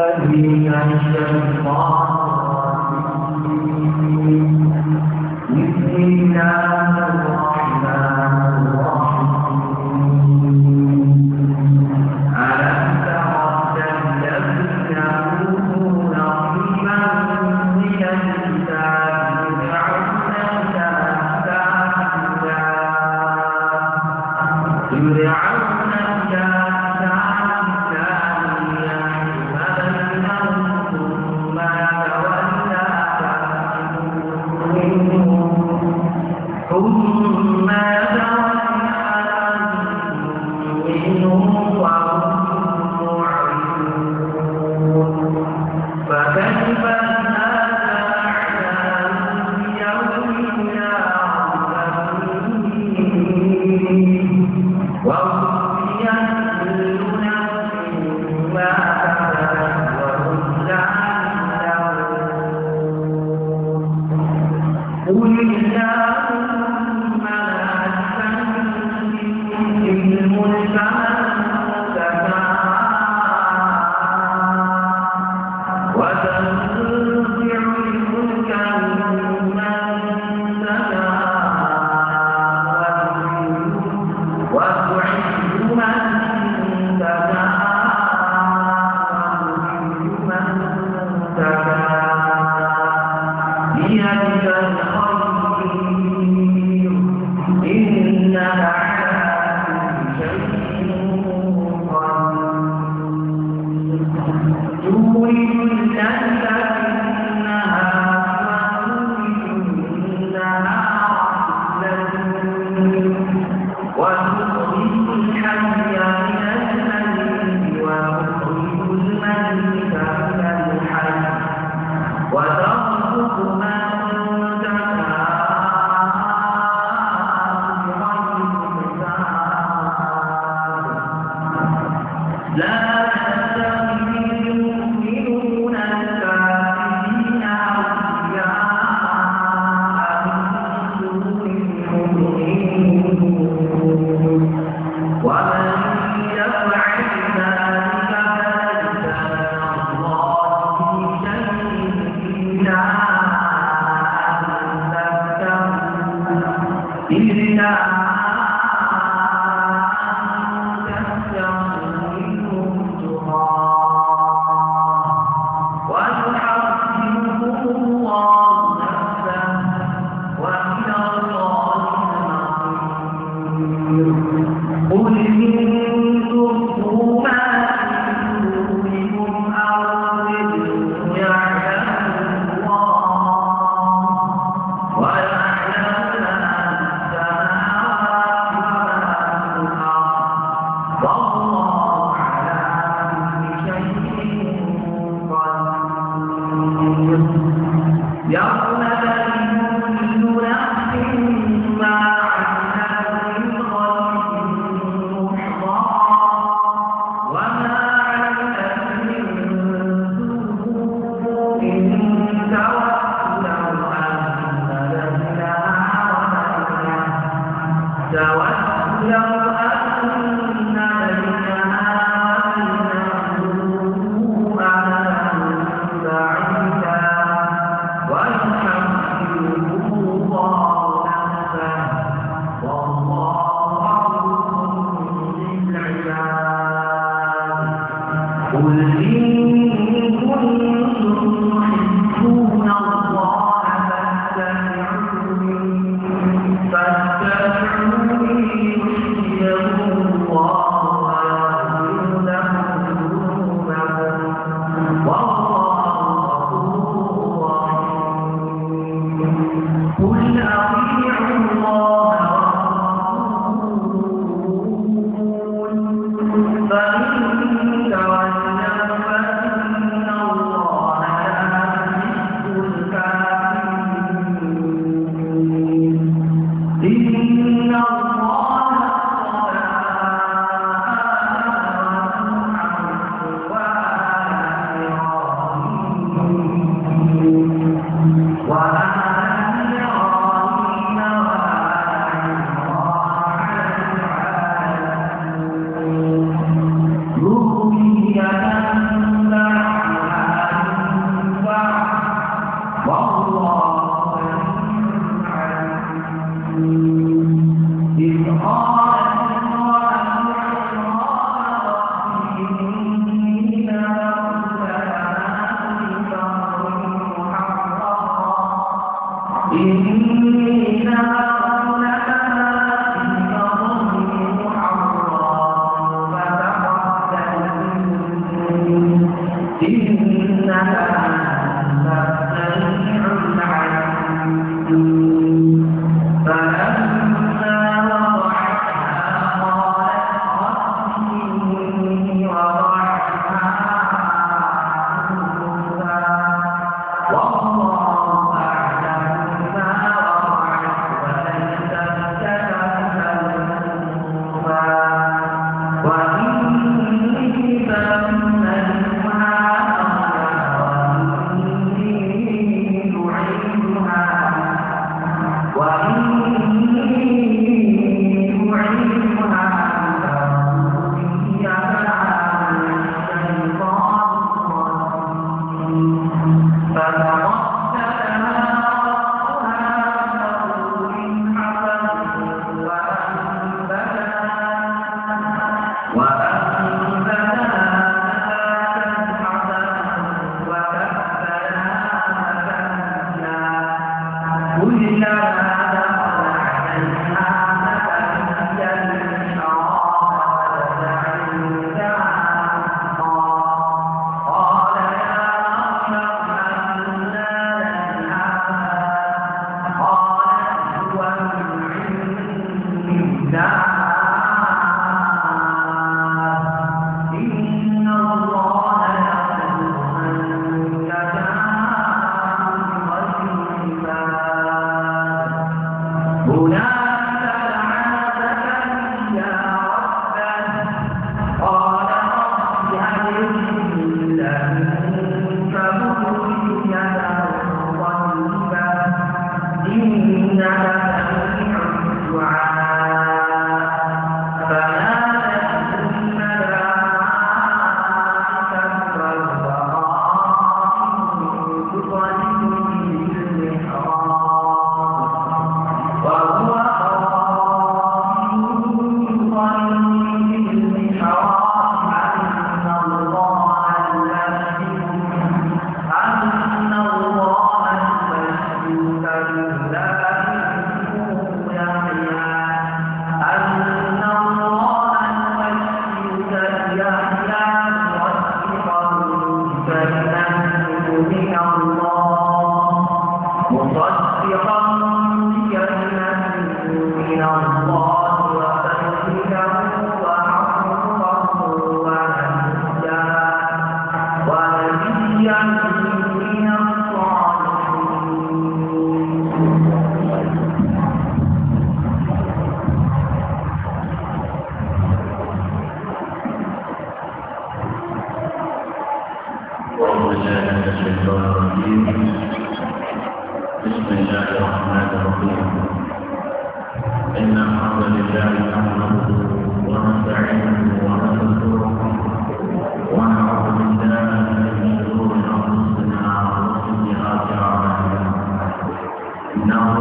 من la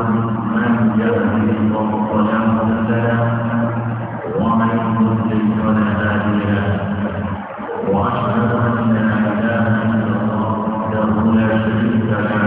من يهدي الله فلا مضل له ومن يضلل فلا هادي له واشهد ان لا اله الا الله وحده لا شريك له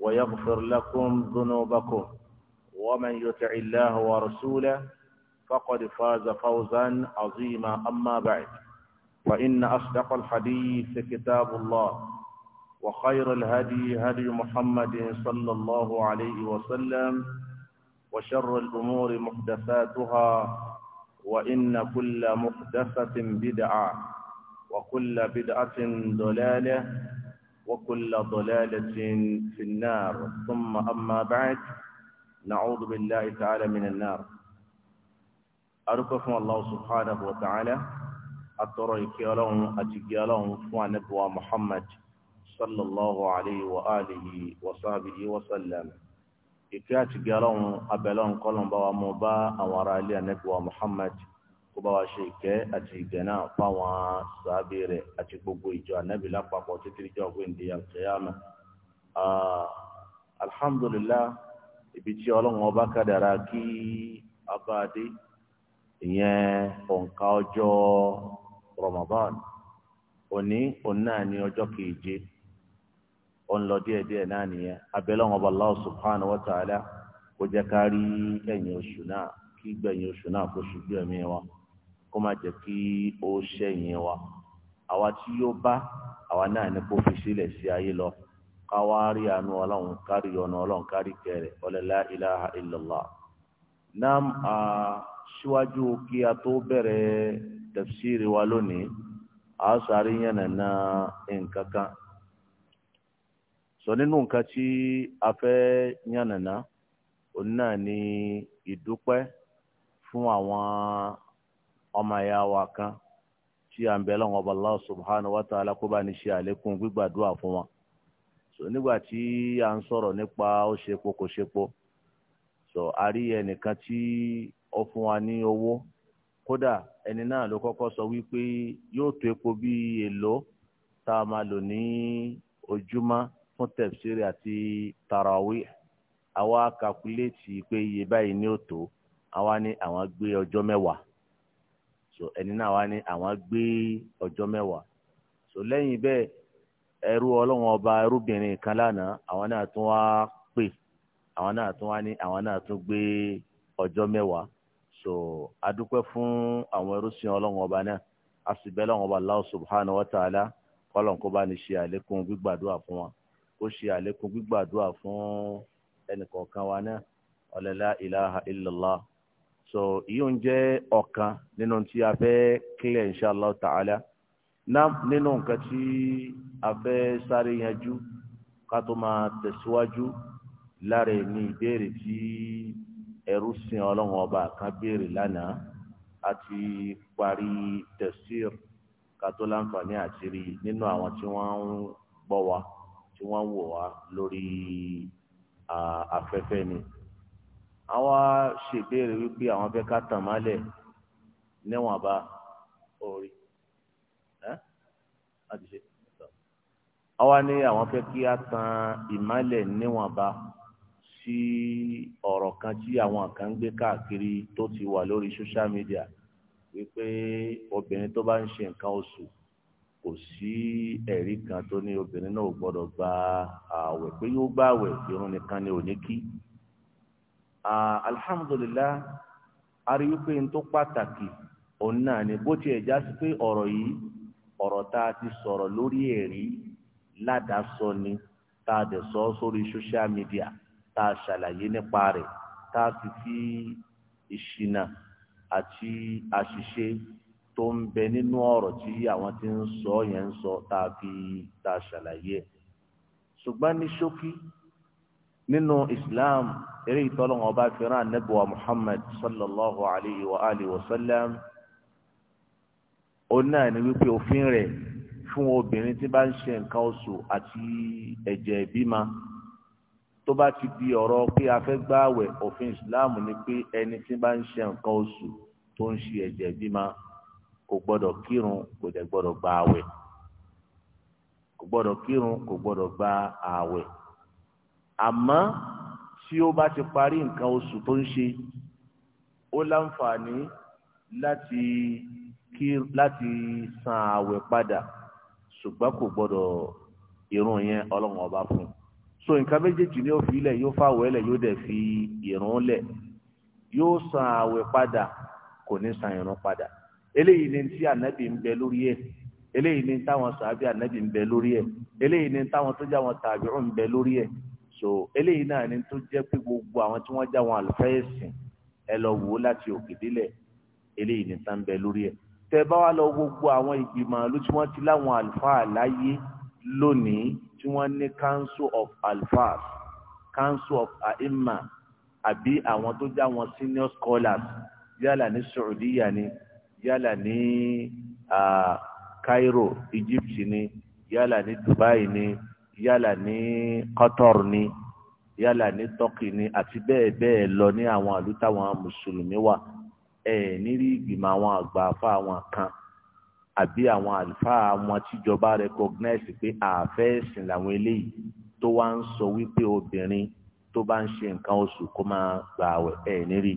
ويغفر لكم ذنوبكم ومن يطع الله ورسوله فقد فاز فوزا عظيما أما بعد فإن أصدق الحديث كتاب الله وخير الهدي هدي محمد صلى الله عليه وسلم وشر الأمور محدثاتها وإن كل محدثة بدعة وكل بدعة ضلالة وكل ضلالة في النار ثم أما بعد نعوذ بالله تعالى من النار أركف الله سبحانه وتعالى أترى كيالهم أتكيالهم فوان نبوى محمد صلى الله عليه وآله وصحبه وسلم إكاتي قالوا أبلون قلن بوا مبا أورالي نبوى محمد kó bá wa ṣe ìkẹ́ àti ìgẹ̀ náà fáwọn sàábì rẹ̀ àti gbogbo ìjọ ànábì lápapọ̀ títí ìjọ ọ̀gbìndì àkẹyàmà. alhamdulilah ibi tí ọlọ́run ọba kádàrá kí abáadé ìyẹn òǹkà ọjọ́ ramadan òní òun náà ní ọjọ́ keje òun lọ díẹ̀díẹ̀ náà nìyẹn abẹ́lẹ́wọ̀n ọba Allah subhanahu wa ta'ala kó jẹ́ ká rí ẹ̀yìn oṣù náà kí gbẹ̀yìn oṣù náà kó ṣubú ẹ̀mí wa. kó má ki kí ó ṣẹ̀yìn wa àwa tí yóò bá àwa náà ní kó fi sílẹ̀ sí ayé lọ káwá rí àánú ọlọ́run kárí ọ̀nà ọlọ́run kárí ilaha illallah. a síwájú kí a tó bẹ̀rẹ̀ tafsiri wa lónìí a sáré yànnà na nǹkan kan sọ nínú nǹkan tí a fẹ́ yànnà na òun náà ni ìdúpẹ́ fún àwọn. ọmọ ẹ̀yà wa kan tí à ń bẹ lọ́wọ́ ọba Allah subhanahu wa ta'ala kó bá ní ṣe àlékún gbígbàdúrà fún wọn. so nígbà tí à ń sọ̀rọ̀ nípa ó ṣepo kò ṣepo so a rí ẹnìkan tí ó fún wa ní owó kódà ẹni náà ló kọ́kọ́ sọ wípé yóò tó epo bíi èlò tá a máa lò ní ojúmọ́ fún tẹ̀síìrì àti tarawih àwa kàkúléètì pé iye báyìí ni ó àwa ní àwọn gbé ọjọ́ mẹ́wàá so ẹni náà wá ní àwọn gbé ọjọ mẹwàá so lẹyìn bẹẹ ẹrú ọlọ́wọ́n ọba ẹrúbìnrin kan lánàá àwọn náà tún wá pè àwọn náà tún wá ní àwọn náà tún gbé ọjọ mẹwàá so adúpẹ́ fún àwọn ẹrúsìn ọlọ́wọ́n ọba náà a sì bẹ̀ lọ́wọ́n ọba Allah subhanahu wa ta'ala kọ́lọ̀n kó bá ní ṣe àlékún gbígbàdúrà fún wa kó ṣe àlékún gbígbàdúrà fún ẹnìkọ̀ọ̀kan wa náà ọ̀lẹ́lá ilaha illallah. so ìyóò ń jẹ́ ọ̀kan nínú tí a fẹ́ clear inshallah ta'ala nínú nǹkan tí a fẹ́ sáré yanjú ká tó máa tẹ̀síwájú lára ní ìbéèrè tí ẹrú sin ọlọ́run ọba kan béèrè lánàá a ti parí tẹ̀sír ká tó láǹfààní àti rí nínú àwọn tí wọ́n ń gbọ́ wa tí wọ́n ń wò wá lórí ni. àwọn ṣèbéèrè wípé àwọn fẹ́ ká tàn málẹ̀ níwọ̀n bá orí láti ṣe. àwa ni àwọn fẹ́ kí á tan ìmálẹ̀ níwọ̀nba sí ọ̀rọ̀ kan tí àwọn kan ń gbé káàkiri tó ti wà lórí social media wípé obìnrin tó bá ń ṣe nǹkan oṣù kò sí ẹ̀rí kan tó ní obìnrin náà gbọ́dọ̀ gba ààwẹ̀ pé yóò gba ààwẹ̀ ìrun nìkan ni ò ní kí alhamdulillah ariwípé n tó pàtàkì òun náà ni bó tiẹ̀ já sí pé ọ̀rọ̀ yìí ọ̀rọ̀ tá a ti sọ̀rọ̀ lórí ẹ̀rí ládàásọ ni tá a dẹ̀ sọ sórí social media tá a ṣàlàyé nípa rẹ̀ tá a sì fi ìṣìnà àti àṣìṣe tó ń bẹ nínú ọ̀rọ̀ tí àwọn tí ń sọ yẹn ń sọ tá a fi tá a ṣàlàyé ẹ̀ ṣùgbọ́n ní ṣókí. So, nínú islam eré ìtọ́lọ́wọ́n ọba fìràn anábìwá muhammad sallallahu alayhi wa alihi wa sallam ó náà ní wípé òfin rẹ̀ fún obìnrin tí bá ń ṣe nǹkan oṣù àti ẹ̀jẹ̀ ìbímọ tó bá ti di ọ̀rọ̀ pé a fẹ́ òfin islam ni pé ẹni tí bá ń ṣe nǹkan oṣù tó ń ṣe ẹ̀jẹ̀ ìbímọ kò gbọ́dọ̀ kírun kò dẹ̀ gbọ́dọ̀ gba àwẹ̀ kò gbọ́dọ̀ kírun kò gbọ́dọ̀ gba àwẹ̀ àmọ́ tí ó bá ti parí nǹkan oṣù tó ń ṣe ó láǹfààní láti kí láti san ààwẹ̀ padà ṣùgbọ́n kò gbọ́dọ̀ irun yẹn ọlọ́run ọba fún un so nǹkan méjèèjì ni ó fi ilẹ̀ yóò fà wẹ́lẹ̀ yóò dẹ̀ fi irun lẹ̀ yóò san ààwẹ̀ padà kò ní san irun padà eléyìí ni tí ànábì ń bẹ lórí ẹ̀ eléyìí ni táwọn sàábì ànábì ń bẹ lórí ẹ̀ eléyìí ni táwọn tó jẹ́ tàbí ń bẹ lórí ẹ̀ so eléyìí náà ni tó jẹ́ pé gbogbo àwọn tí wọ́n já wọn àlùfáà ẹ̀sìn ẹ lọ wò ó láti òkè délẹ̀ eléyìí ní tán bẹ lórí ẹ̀ tẹ bá wà lọ gbogbo àwọn ìgbìmọ̀ ló tí wọ́n ti láwọn àlùfáà láyé lónìí tí wọ́n ní council of alfas council of aima àbí àwọn tó já wọn senior scholars yálà ní Saudiya ni yálà ní Cairo Egypt ni yálà ní Dubai ni yálà ní Qatar ni yálà ní Turkey ni àti bẹ́ẹ̀ bẹ́ẹ̀ lọ ní àwọn ìlú táwọn mùsùlùmí wà ẹ̀ nírí ìgbìmọ̀ àwọn àgbà àfa àwọn kan àbí àwọn àlùfáà àwọn tíjọba recognize pé àfẹ́sìn làwọn eléyìí tó wá ń sọ wípé obìnrin tó bá ń ṣe nǹkan oṣù kó máa gbà àwẹ̀ ẹ̀ nírí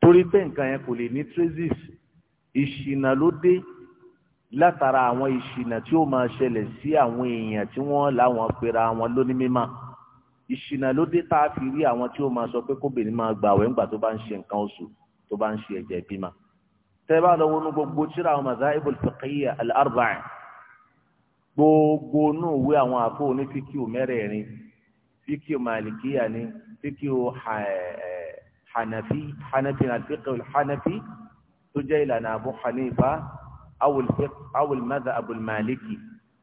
torí pé nǹkan yẹn kò lè ní traces ìṣìnà ló dé látara àwọn ìṣìnà tí ó máa ṣẹlẹ̀ sí àwọn èèyàn tí wọ́n láwọn pera wọn lónìí mímọ́ ìṣìnà ló dé tá a fi rí àwọn tí ó máa sọ pé kóbìnrin máa gbààwẹ̀ ńgbà tó bá ń ṣe nǹkan oṣù tó bá ń ṣe ẹ̀jẹ̀ ìbímọ. tẹ́ bá lọ wọnú gbogbo tíra àwọn mazahibul fiqhiyya al-arba'a gbogbo inú ìwé àwọn àfọ onífíkì mẹ́rẹ̀ẹ̀rin fíkì màlìkíyà ni fíkì eh, eh, hanafi hanafi tó jẹ́ ìlànà Abu awul madha abul maliki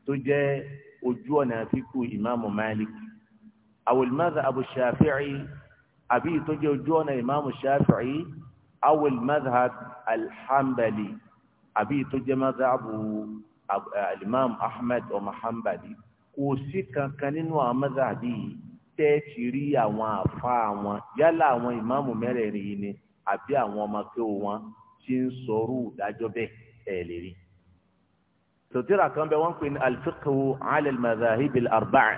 tó jẹ́ ojú ọ̀nà fíkù ìmáàmù maliki awul madha abu shafi'i àbí tó jẹ́ ojú ọ̀nà ìmáàmù shafi'i awul madha alhambali àbí tó jẹ́ madha abu alimam ahmed ọmọ hambali kò sí kankan nínú àwọn madha àbíyí tẹ́ rí àwọn àfa wọn yálà àwọn ìmáàmù mẹ́rẹ̀ẹ̀rin ni àbí àwọn ọmọ kéwòn ti ń sọrú ìdájọ́ bẹ́ẹ̀ ẹ̀ lè rí. sòtírà kan bẹ wọ́n pè ní alfiqhu ala al-madhahib al-arba'a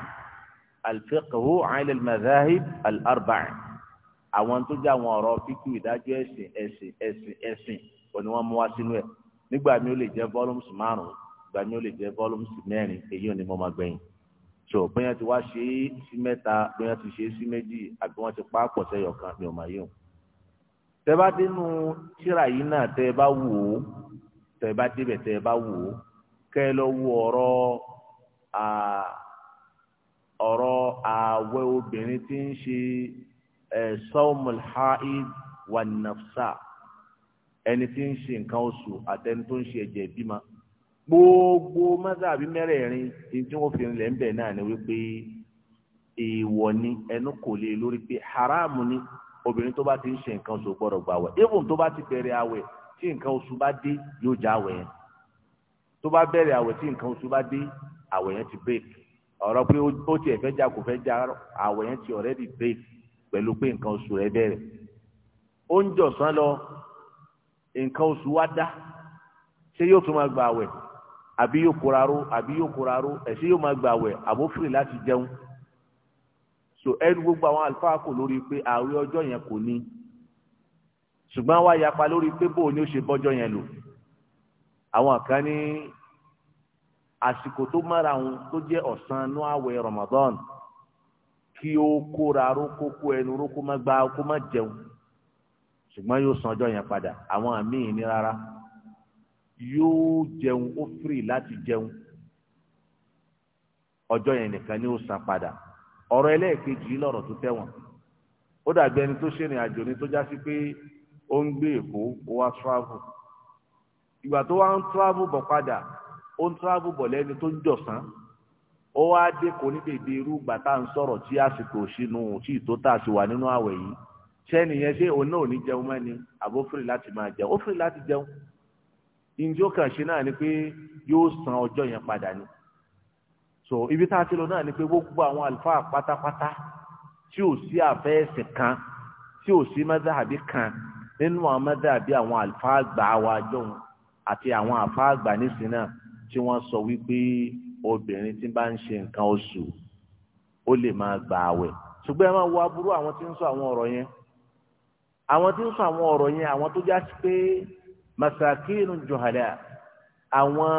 alfiqhu ala al-madhahib al-arba'a àwọn tó jẹ́ àwọn ọ̀rọ̀ fíkú ìdájọ́ ẹ̀sìn ẹ̀sìn ẹ̀sìn ẹ̀sìn òní wọ́n mú wá sínú ẹ̀ nígbà mi ó lè jẹ́ volumes márùn-ún ìgbà mi ó lè jẹ́ volumes mẹ́rin èyí ò mo máa gbẹ̀yìn so bóyá ti wá ṣe é sí mẹ́ta bóyá ti ṣe é sí méjì àbí wọ́n ti pa á pọ̀ sẹ́yọ̀ kan mi ò máa yóò. tẹ bá dénú tíra yìí náà tẹ bá wò ó tẹ bá débẹ̀ tẹ bá wò ó kẹ́ ẹ lọ wo ọ̀rọ̀ ọ̀rọ̀ ààwẹ̀ obìnrin tí ń ṣe sawmul haid wà nafsa ẹni tí ń ṣe nǹkan oṣù àtẹni tó ń ṣe ẹ̀jẹ̀ ìbímọ gbogbo mọ́sàbí mẹ́rẹ̀ẹ̀rin tí wọ́n fi rinlẹ̀ ń bẹ̀ náà ni wípé èèwọ̀ ni ẹnu kò lè lórí pé haramu ni obìnrin tó bá ti ń ṣe nǹkan oṣù gbọ́dọ̀ gbàwẹ̀ even tó bá ti bẹ̀rẹ̀ àwẹ̀ tí nǹkan oṣù bá dé yóò já àwẹ̀ yẹn tó bá bẹ̀rẹ̀ àwẹ̀ tí nǹkan oṣù bá dé àwẹ̀ yẹn ti break ọ̀rọ̀ pé ó tiẹ̀ fẹ́ já kò fẹ́ já àwẹ̀ yẹn ti already break pẹ̀lú pé nǹkan oṣù rẹ̀ bẹ̀rẹ̀ ó ń jọ̀sán lọ nǹkan oṣù wa dá ṣé yóò tún máa gba àwẹ̀ àbí yóò kóra ró àbí yóò kóra ró ẹ̀ṣẹ́ yóò máa gba àwẹ̀ àbó láti jẹun so ẹnu gbogbo àwọn àlùfáà kò lórí pé àwẹ̀ ọjọ́ yẹn kò ní ṣùgbọ́n wá yapa lórí pé bóò ni ó ṣe bọ́jọ́ yẹn lò àwọn kan ní àsìkò tó mára wọn tó jẹ́ ọ̀sán nú àwẹ̀ Ramadan kí ó kóra rókó kó ẹnu rókó má gba kó má jẹun ṣùgbọ́n yóò san ọjọ́ yẹn padà àwọn míì ní rárá yóò jẹun ó fìrì láti jẹun ọjọ́ yẹn nìkan ni ó san padà ọ̀rọ̀ ẹlẹ́ẹ̀kejì lọ́rọ̀ tó tẹ̀wọ̀n ó dàbí ẹni tó ṣèrìn àjò ni tó já pé ó ń gbé èkó ó wá travel ìgbà tó wá ń travel bọ̀ padà ó ń travel bọ̀ lẹ́ni tó ń jọ̀sán ó wá dẹ́kọ̀ ní dèdè irú ìgbà tá à ń sọ̀rọ̀ tí àsìkò sínú tí ìtó tá a sì wà nínú àwẹ̀ yìí ṣé nìyẹn ṣé òun náà ò ní jẹun mẹ́ni àbó fìrì láti máa jẹun ó fìrì láti jẹun ìjọ kan ṣe náà ni pé yóò san ọjọ́ yẹn padà ni so ibi tá a ti lọ náà ni pé gbogbo àwọn àlùfáà pátápátá tí ò sí àfẹ́ ẹ̀sìn kan tí ò sí mẹ́sàbí kan nínú amẹ́dá àbí àwọn àlùfáà àgbà wa jọ̀hún àti àwọn àlùfáà àgbà nísìn náà tí wọ́n sọ wípé obìnrin tí bá ń ṣe nǹkan oṣù ó lè máa gbà àwẹ̀ ṣùgbọ́n ẹ máa wo aburú àwọn tí ń sọ àwọn ọ̀rọ̀ yẹn àwọn tí ń sọ àwọn ọ̀rọ̀ yẹn àwọn tó já sí pé masakinu johada àwọn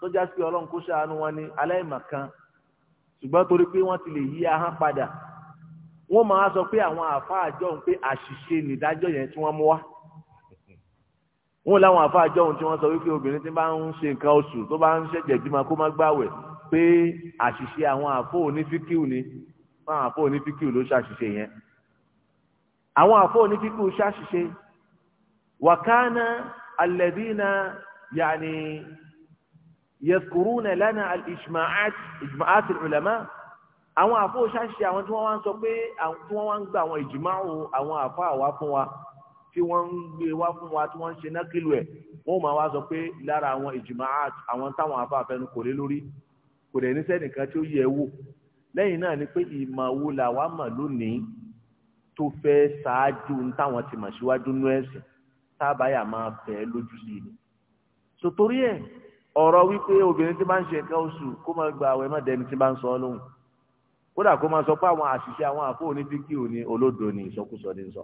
tó já sí pé ọlọ́run kó ṣàánú wọn ní aláìmọ̀kan ṣùgbọ́n torí pé wọ́n ti lè yí ahọ́n padà wọ́n máa sọ pé àwọn àáfàá àjọ ń pé àṣìṣe nìdájọ́ yẹn tí wọ́n mú wá wọ́n láwọn àáfàá àjọ ohun tí wọ́n sọ wípé obìnrin tí bá ń ṣe nǹkan oṣù tó bá ń ṣẹ̀jẹ̀ bímọ kó má gbàwẹ̀ pé àṣìṣe àwọn àáfàá onífíkìú ni fáwọn àáfàá onífíkìú ló ṣàṣìṣe yẹn àwọn àáfàá onífíkìú ṣàṣìṣe wàkánà alẹ́dínà yàní yẹsùkúrú nà lánà ìjùmọ̀ àti àwọn àfọ ṣáṣe àwọn tí wọ́n wá ń sọ pé tí wọ́n wá ń gba àwọn ìjìmáwò àwọn àfọ àwa fún wa tí wọ́n ń gbé wá fún wa tí wọ́n ń ṣe nákìlù ẹ̀ wọ́n máa wá sọ pé lára àwọn ìjìmá àwọn táwọn àfọ àfẹnu kò lé lórí kò dẹ̀ ní sẹ́nìkan tí ó yẹ wò lẹ́yìn náà ni pé ìmọ̀ wo làwa mọ̀ lónìí tó fẹ́ ṣáájú táwọn ti mọ̀ síwájú nú ẹ̀sìn tábàyà máa fẹ́ lójú sí i sòtórí ẹ̀ ọ̀rọ̀ wípé obìnrin tí bá ń ṣe nǹkan oṣù kó má gba àwẹ̀ má dẹni tí bá ń sọ ọ́ lóhùn kódà kó máa sọ pé àwọn àṣìṣe àwọn àfọ oníbíkì òní olódo ni ìsọkúsọ ní sọ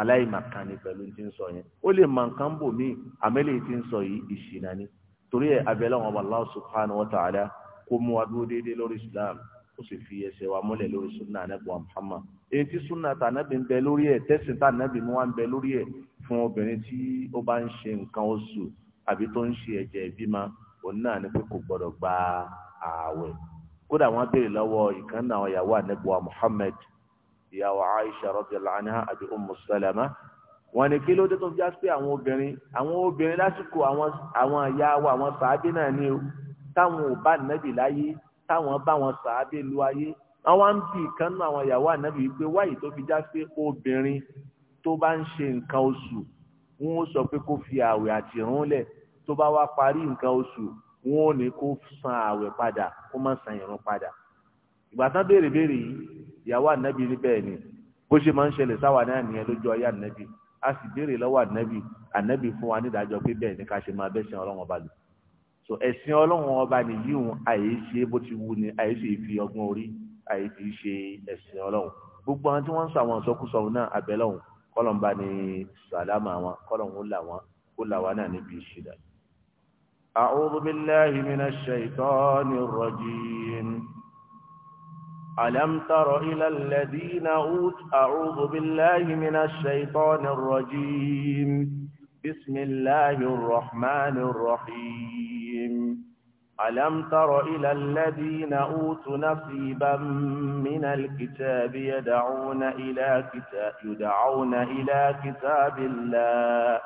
aláìmàkan ni pẹ̀lú ti ń sọ yẹn ó lè mọ nǹkan bò míì àmẹ́lẹ̀ ti ń sọ yìí ìṣìnà ni torí ẹ̀ abẹ́lẹ́ wọn Allah subhanahu wa ta'ala kó mú wa dúró lórí Islam ó sì fi ẹsẹ̀ wa múlẹ̀ lórí sunna anabi Muhammad èyí tí sunna tà anabi ń bẹ lórí ẹ̀ tẹ́sìn tà anabi mú wa ń bẹ lórí ẹ̀ fún obìnrin tí ó bá ń ṣe nǹkan oṣù àbí tó ń ṣe ẹ̀jẹ̀ ìbímọ òun náà ni pé kò gbọ́dọ̀ gba ààwẹ̀ kódà wọ́n béèrè lọ́wọ́ ìkànnì àwọn ìyàwó ànẹ́bùwà Muhammad ìyàwó Aisha radhiyallahu anha àti Ummu Salama wọ́n ní kí ló dé tó fi já sí àwọn obìnrin àwọn obìnrin lásìkò àwọn àwọn ìyàwó àwọn sàábé náà ni o táwọn ò bá nẹ́bì láyé táwọn bá wọn sàábé lu ayé àwọn ń bi ìkànnì àwọn ìyàwó ànẹ́bì wípé wáyé tó fi já sí obìnrin tó bá ń ṣe nǹkan oṣù wọn ó sọ pé kó fi àwẹ̀ àtìrún lẹ̀ tó bá wá parí nǹkan oṣù wọn ò ní kó san àwẹ̀ padà kó má san ìrun padà ìgbà tán béèrè béèrè yìí ìyàwó ànábì ní bẹ́ẹ̀ ni bó ṣe máa ń ṣẹlẹ̀ sáwà náà nìyẹn lójú ayé ànábì a sì béèrè lọ́wọ́ ànábì ànábì fún wa nídàájọ́ pé bẹ́ẹ̀ ni ká ṣe máa bẹ́sìn ọlọ́run ọba lò so ẹ̀sìn ọlọ́run ọba nìyí òun àyè ṣe bó ti wù ni àyè sì fi ọgbọ́n orí àyè fi ṣe ẹ̀sìn ọlọ́run gbogbo àwọn tí wọ́n ń sọ àwọn ìsọkúsọ náà abẹ́lọ́hùn kọ́lọ̀ ń bá sàlámà wọn kọ́lọ̀ ń là wọn náà níbi ìṣẹ̀dá أعوذ بالله من الشيطان الرجيم ألم تر إلى الذين أوتوا أعوذ بالله من الشيطان الرجيم بسم الله الرحمن الرحيم ألم تر إلى الذين أوتوا نصيبا من الكتاب يدعون إلى كتاب يدعون إلى كتاب الله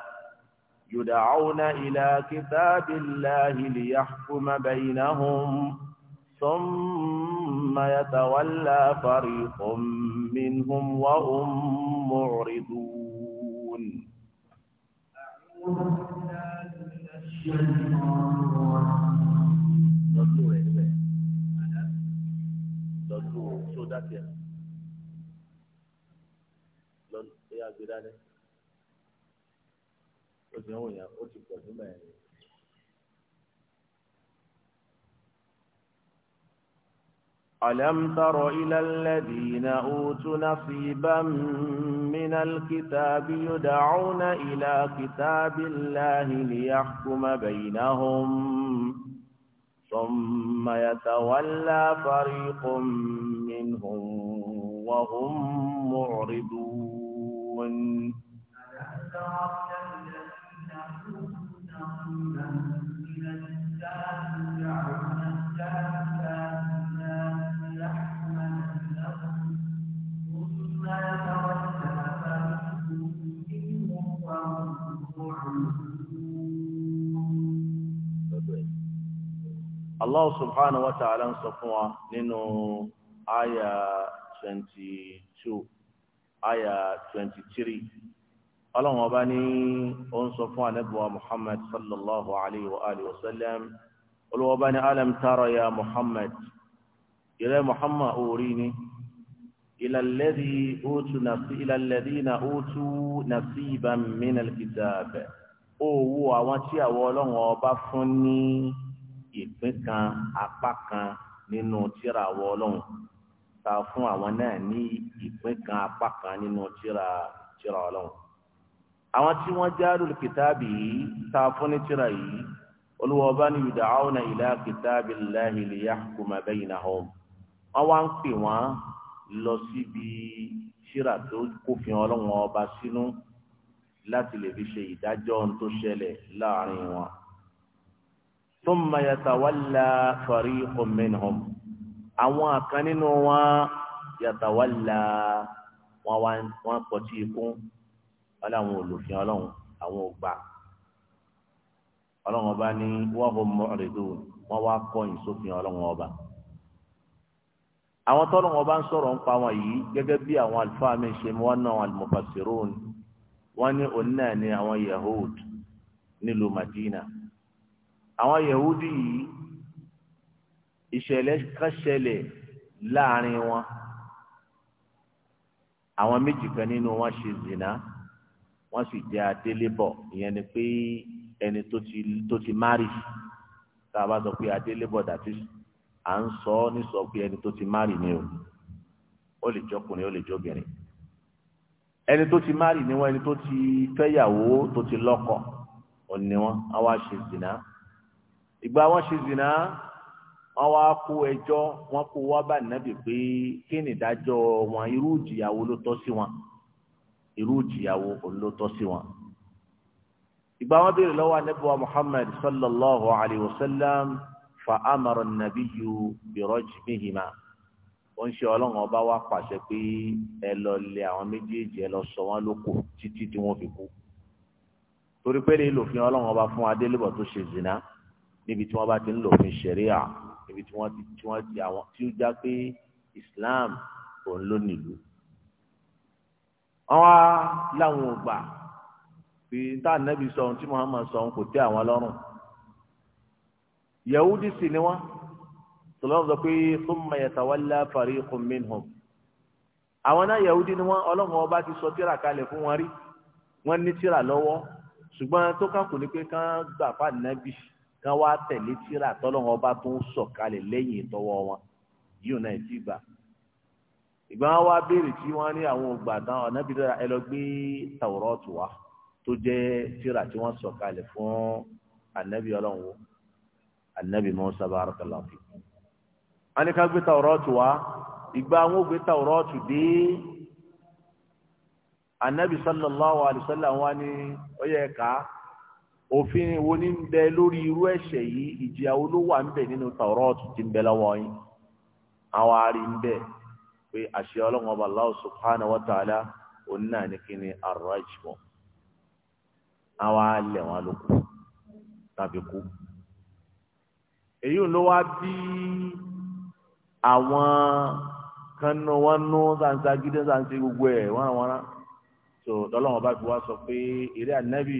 يدعون إلى كتاب الله ليحكم بينهم ثم يتولى فريق منهم وهم معرضون Lọ́dún ẹ̀yà gbé dání. ليحكم بينهم ثم يتولى فريق منهم وهم معرضون ألم تر إلى الذين أوتوا نصيبا من الكتاب يدعون إلى كتاب الله ليحكم بينهم ثم يتولى فريق منهم وهم معرضون Allah subhanahu wa ta'ala ń sọ fún wa nínú àyà 22 àyà 23 ọlọ́run ọba ní ó ń sọ fún anábìwá Muhammad sallallahu alayhi wa alihi wa sallam olùwọ́ba ní alam tara ya Muhammad ìrẹ́ Muhammad orí ni ìlàlẹ́dí òtù nàfi ìlàlẹ́dí na òtù nàfi ìbámu mìíràn kìtàbẹ̀ ó àwọn tí àwọn ọlọ́run ọba fún ní ìpín kan apá kan nínú tírà wọ ọlọ́run ta fún àwọn náà ní ìpín kan apá kan nínú tírà tírà ọlọ́run àwọn tí wọ́n já lórí kìtàbì yìí ta fún ní tírà yìí olùwọ́ba ni yud'auna ila kitabillahi liyahkuma baynahum wọ́n wá ń pè wọ́n lọ síbi tírà tó kófin ọlọ́run ọba sínú láti lè fi ṣe ìdájọ́ ohun tó ṣẹlẹ̀ láàrin wọn. ثم يتولى فريق منهم àwọn kan nínú wọn yatawalla wọn wá wọn pọ̀ sí ikú wọn làwọn olùfin ọlọ́run àwọn ògbà ọlọ́run ọba ní wọ́n hó mọ́ọ̀rẹ́dù wọ́n wá kọ́yìn sófin ọlọ́run ọba àwọn tọ́lọ̀ wọn bá ń sọ̀rọ̀ ń pa wọn yìí gẹ́gẹ́ mi ṣe wọn náà wọn al-mufassirun wọn ní òun náà ní àwọn yahood Madina àwọn yahudi yìí ìṣẹ̀lẹ̀ kan ṣẹlẹ̀ láàrin wọn àwọn méjì kan nínú wọn ṣe zina wọn sì jẹ adélébọ ìyẹn ni pé ẹni tó ti tó ti mari tá a bá sọ pé adélébọ dàtí à ń sọ ọ ní sọ pé ẹni tó ti mari ni o ó lè jọkùnrin ó lè jọbìnrin ẹni tó ti mari ni wọn ẹni tó ti fẹ́yàwó tó ti lọ́kọ òní wọn á wá ṣe zina ìgbà wọn ṣe zìnà wọn wá kó ẹjọ́ wọn kó wá bá nàbì pé kí ni ìdájọ́ wọn irú ìjìyàwó ló tọ́ sí wọn irú ìjìyàwó ló tọ́ sí wọn. ìgbà wọn béèrè lọ́wọ́ anábìwá Muhammad sallallahu alayhi wa sallam fa amara nabiyu bi rajmihima ó ń ṣe ọlọ́run ọba wa pàṣẹ pé ẹ lọ lé àwọn méjèèjì ẹ lọ sọ wọn lóko títí tí wọn fi kú torí pé lè lòfin ọlọ́run ọba fún adélébọ̀ tó ṣe zina níbi tí wọ́n bá ti ń lò fún ṣẹ̀ríà níbi tí wọ́n ti tí wọ́n ti àwọn tí ó já pé Islam òun ló nílùú. àwọn làwọn ò gbà fi tá nẹ́bí sọ ohun tí Muhammad sọ ohun kò tẹ́ àwọn lọ́rùn. Yahudi sì ni wọ́n sọlọ́n sọ pé thumma yatawalla fariqun minhum. àwọn náà Yahudi ni wọ́n ọlọ́run ọba ti sọ tíra kalẹ̀ fún wọn rí wọ́n ní tíra lọ́wọ́ ṣùgbọ́n tó kàn kò ní pé kán gbà fáànàbì kán wá tẹ̀lé tíra tọ́lọ́wọ́n ọba tó ń sọ̀kalẹ̀ lẹ́yìn ìtọ́wọ́ wọn yóò náà ti gbà ìgbà wọn wá béèrè tí wọn ní àwọn ògbà tán ọ̀nàbí dára ẹ lọ gbé tàwùrọ́ọ̀tù wá tó jẹ́ tíra tí wọ́n sọ̀kalẹ̀ fún ànábì ọlọ́run ànábì Mùsá barakallahu fi wọn ní ká gbé tàwùrọ́ọ̀tù wá ìgbà wọn gbé tàwùrọ́ọ̀tù dé ànábì sallallahu alaihi wasallam wá ní ó yẹ ká òfin wo ni ń bẹ lórí irú ẹ̀ṣẹ̀ yìí ìjìyà wo ló wà ń bẹ nínú tàwọ́rọ́ọ̀tù tí ń bẹ lọ́wọ́ yín àwọn àárín ń bẹ pé àṣẹ ọlọ́run ọba Allah subhanahu wa ta'ala òun náà ní kí ni arrajmu àwọn alẹ̀ wọn ló kù tàbí kú èyí ló wá bí àwọn kanu wọn nú zanza gidi zanza gbogbo ẹ̀ wọn àwọn ará tó lọ́lọ́run ọba fi wá sọ pé eré ànábì.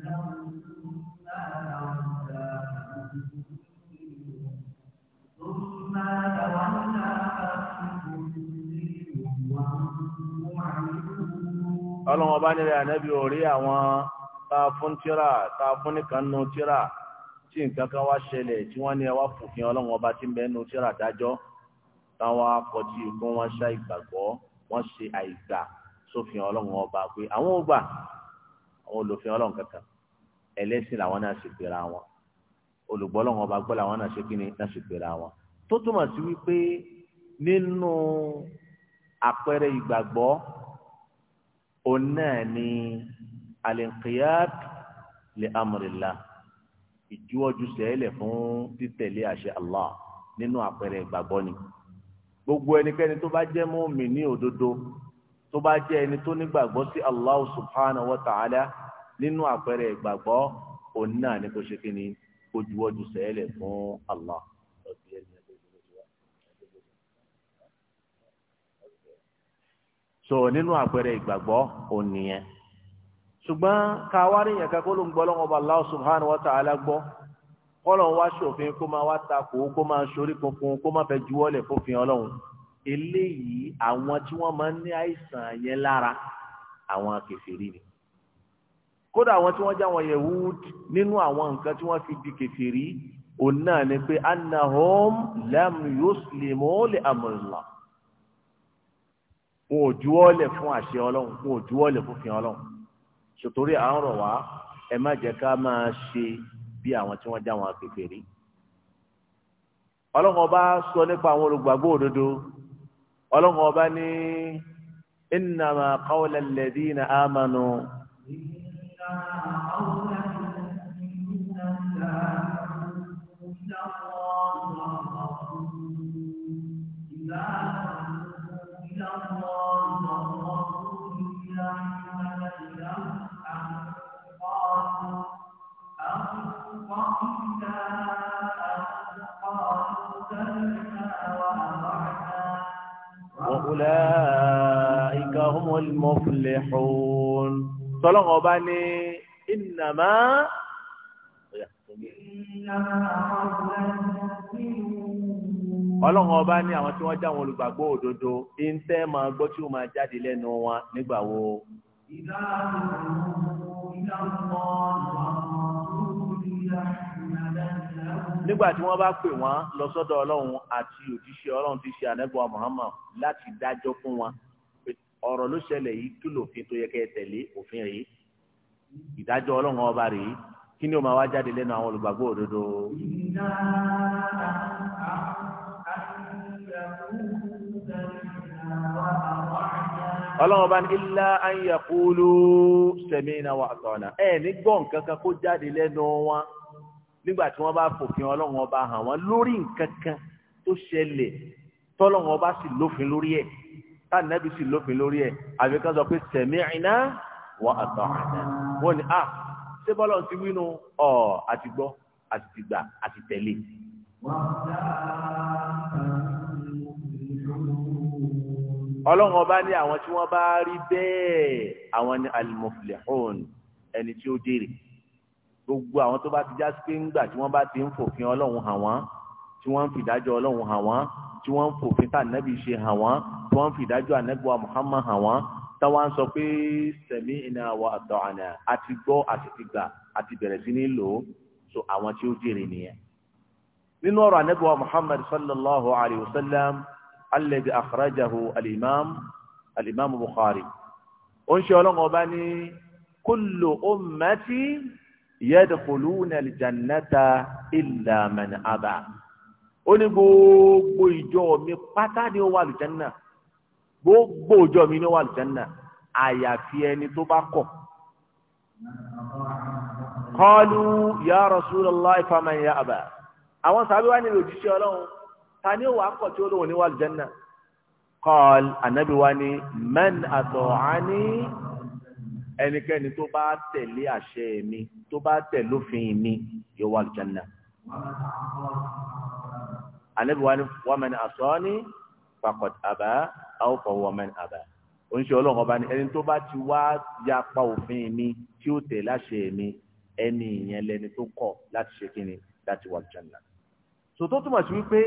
ọlọ́run ọba nílẹ̀ ànábì orí àwọn tá a fún tíra tá a fún nìkan nu tíra tí nǹkan kan wá ṣẹlẹ̀ tí wọ́n ní ẹ wá fòfin ọlọ́run ọba tí ń bẹ nu tíra dájọ́ táwọn akọtí ikú wọn ṣá ìgbàgbọ́ wọ́n ṣe àìgbà sófin ọlọ́run ọba pé àwọn ò gbà àwọn olùfin ọlọ́run kankan ẹlẹ́sìn làwọn náà ṣe pèrè àwọn olùgbọ́ ọlọ́run gbọ́ làwọn náà ṣe pèrè àwọn tó túmọ̀ sí wípé nínú àpẹẹrẹ ìgbàgbọ́ òun náà ni al-inqiyad li amrillah ìjúwọ́jú sẹ́lẹ̀ fún títẹ̀lé àṣẹ Allah nínú àpẹẹrẹ ìgbàgbọ́ ni gbogbo ẹnikẹ́ni tó bá jẹ́ mùmínì òdodo tó bá jẹ́ ẹni tó nígbàgbọ́ sí Allah subhanahu wa ta'ala nínú àpẹẹrẹ ìgbàgbọ́ òun kò ṣe kí ni kó juwọ́jú fún Allah. so nínú àpẹẹrẹ ìgbàgbọ́ òní yẹn ṣùgbọ́n káwárí yẹn kakó ló ń gbọ́ lọ́wọ́ Allah subhanahu wa ta'ala gbọ́ kọ́lọ́n wá ṣòfin kó máa wá takò kó máa ṣorí kunkun kó máa fẹ́ juwọ́lẹ̀ fófin ọlọ́run eléyìí àwọn tí wọ́n máa ń ní àìsàn yẹn lára àwọn kèfèrí ni kódà àwọn tí wọ́n já wọn yehud nínú àwọn nǹkan tí wọ́n fi di kèfèrí òun náà ni pé annahum lam yuslimu li amrillah wọn ò juwọ́lẹ̀ fún àṣẹ ọlọ́run wọn ò juwọ́lẹ̀ fún fìhàn ọlọ́run sòtórí à ń rọ̀ wá ẹ má jẹ́ ká máa ṣe bí àwọn tí wọ́n já wọn kèfèrí ọlọ́run ọba sọ nípa àwọn olùgbàgbọ́ òdodo ọlọ́run ọba ní innama qawla alladhina amanu. innama أولئك هم المفلحون. tọ́lọ́wọ́ bá ní ìnàmá ọlọ́run ọba ní àwọn tí wọ́n já wọn olùgbàgbọ́ òdodo ìńtẹ́ máa gbọ́ tí ó máa jáde lẹ́nu wọn nígbà wo. ìdáàbò ìdáàbò ọ̀hún ọ̀hún ìdáàbò nígbà tí wọ́n bá pè wọ́n lọ sọ́dọ̀ ọlọ́run àti òjíṣẹ́ ọlọ́run ti ṣe ànẹ́gbọ́n Muhammad láti dájọ́ fún wọn ọ̀rọ̀ ló ṣẹlẹ̀ yìí kí lòfin tó yẹ kẹ́ ẹ òfin rèé ìdájọ́ ọlọ́run ọba rèé kí ni ó máa wá jáde lẹ́nu àwọn olùgbàgbọ́ òdodo. ọlọ́run ọba ní ilá ayẹ̀kúlú sẹ̀mínà wà tọ̀nà ẹ̀ ní gbọ́ nǹkan kó jáde lẹ́nu wọn nígbà tí wọ́n bá fòfin ọlọ́run ọba hàn wọ́n lórí nǹkan tó ṣẹlẹ̀ tọ́lọ́run ọba sì lófin lórí ẹ̀ tánàbí sì lófin lórí ẹ̀ àbí kan sọ pé sami'na wa ata'na wọ́n ní ah ṣé bọ́lá ti wínú ọ̀ àti gbọ́ àti ti gbà àti tẹ̀lé. ọlọ́run ọba ní àwọn tí wọ́n bá rí bẹ́ẹ̀ àwọn ni al-muflihun ẹni tí ó dèrè gbogbo àwọn tó bá ti já sí pé ńgbà tí wọ́n bá ti ń fòfin ọlọ́run hàn wọ́n tí wọ́n ń fìdájọ́ ọlọ́run hàn wọ́n tí wọ́n ń fòfin tá ànábì ṣe hàn wọ́n tí wọ́n ń fìdájọ́ ànábìwa Muhammad hàn wọ́n táwọn sọ pé sẹ̀mí iná wa ọ̀tọ̀ àti gbọ́ àti ti gbà àti bẹ̀rẹ̀ sí ní lò ó so àwọn tí ó jèrè nìyẹn. nínú ọ̀rọ̀ ànábìwa Muhammad sallallahu alayhi wa sallam alladhi akhrajahu al-imam Bukhari. ó ń ṣe ọlọ́run ọba ní kullu ummati yadkhuluna aljannata illa man aba ó ní gbogbo ìjọ mi pátá ni ó wà lùjánná gbogbo ìjọ mi ni ó wà lùjánná àyàfi ẹni tó bá kọ̀. qalu ya Rasulullah faman ya aba àwọn sàbí wà nílò òjíṣẹ́ ọlọ́run ta ni ó wà á tí ó lóun ní wà lùjánná. qal anabi wa ni man ata'ani ẹnikẹ́ni tó bá tẹ̀lé àṣẹ mi tó bá tẹ̀ lófin mi yóò wà lùjánná. ànábì wa ni wàmẹ́ni àsọ́ọ́ni pàkọ́t àbá àwòkọ́ wàmẹ́ni àbá. oníṣẹ́ ọlọ́run ọba ni ẹni tó bá ti wá yapa òfin mi tí ó tẹ̀lé àṣẹ mi ẹni ìyẹn lẹni tó kọ̀ láti ṣe kíni láti wà lùjánná. sòtó túmọ̀ sí wípé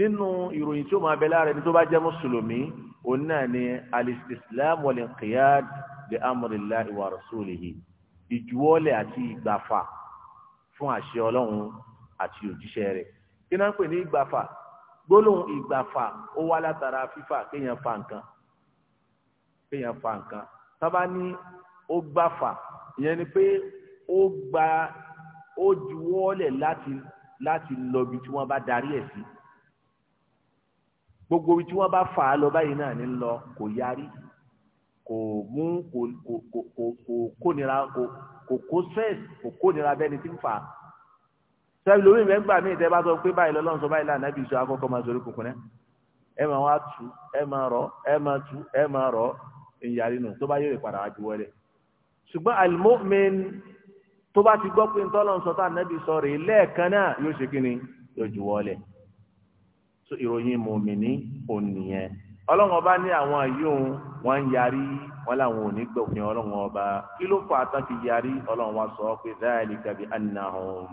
nínú ìròyìn tí ó máa bẹ lára ẹni tó bá jẹ́ mùsùlùmí òun náà ni al-istislam wal-inqiyad bi amrillahi wa rasulihi ìjuwọ́lẹ̀ àti ìgbàfà fún àṣẹ ọlọ́run àti òjíṣẹ́ rẹ̀ kí náà ń pè ní ìgbàfà gbólóhùn ìgbàfà ó wá látara fífà kéèyàn fa nǹkan kéèyàn fa nǹkan sábà ní ó gbàfà ìyẹn ni pé ó gba ó juwọ́lẹ̀ láti láti lọ ibi tí wọ́n bá darí ẹ̀ sí gbogbo ibi tí wọ́n bá fà á lọ báyìí náà ní lọ kò yarí kò mú kò kò kò kò kónira kò kò kó stress kò kónira bẹ́ni tí ń fà á. sẹ́bi lórí ìwé ńgbà míì tẹ́ bá sọ pé báyìí lọ́lọ́run sọ báyìí lànà ìbísọ̀ akọ́kọ́ máa sọ̀rọ̀ kùnkùn náà ẹ máa wá tu ẹ máa rọ ẹ máa tu ẹ máa rọ ìyàrí nù tó bá yẹ̀rẹ̀ padà wá ju wọlé. ṣùgbọ́n alimomin tó bá ti gbọ́ pé ntọ́lọ́run sọ tá ànábì sọ rèé lẹ́ẹ̀kan náà yóò ṣe kí ni yóò ju wọlé. so ìròyìn mòmìnì ònìyẹn ọlọ́run ọba ní àwọn yóò wọ́n ń yarí wọ́n làwọn ò ní gbòfin ọlọ́run ọba kí ló fà á tán fi yarí ọlọ́run wa sọ pé zalika bi annahum.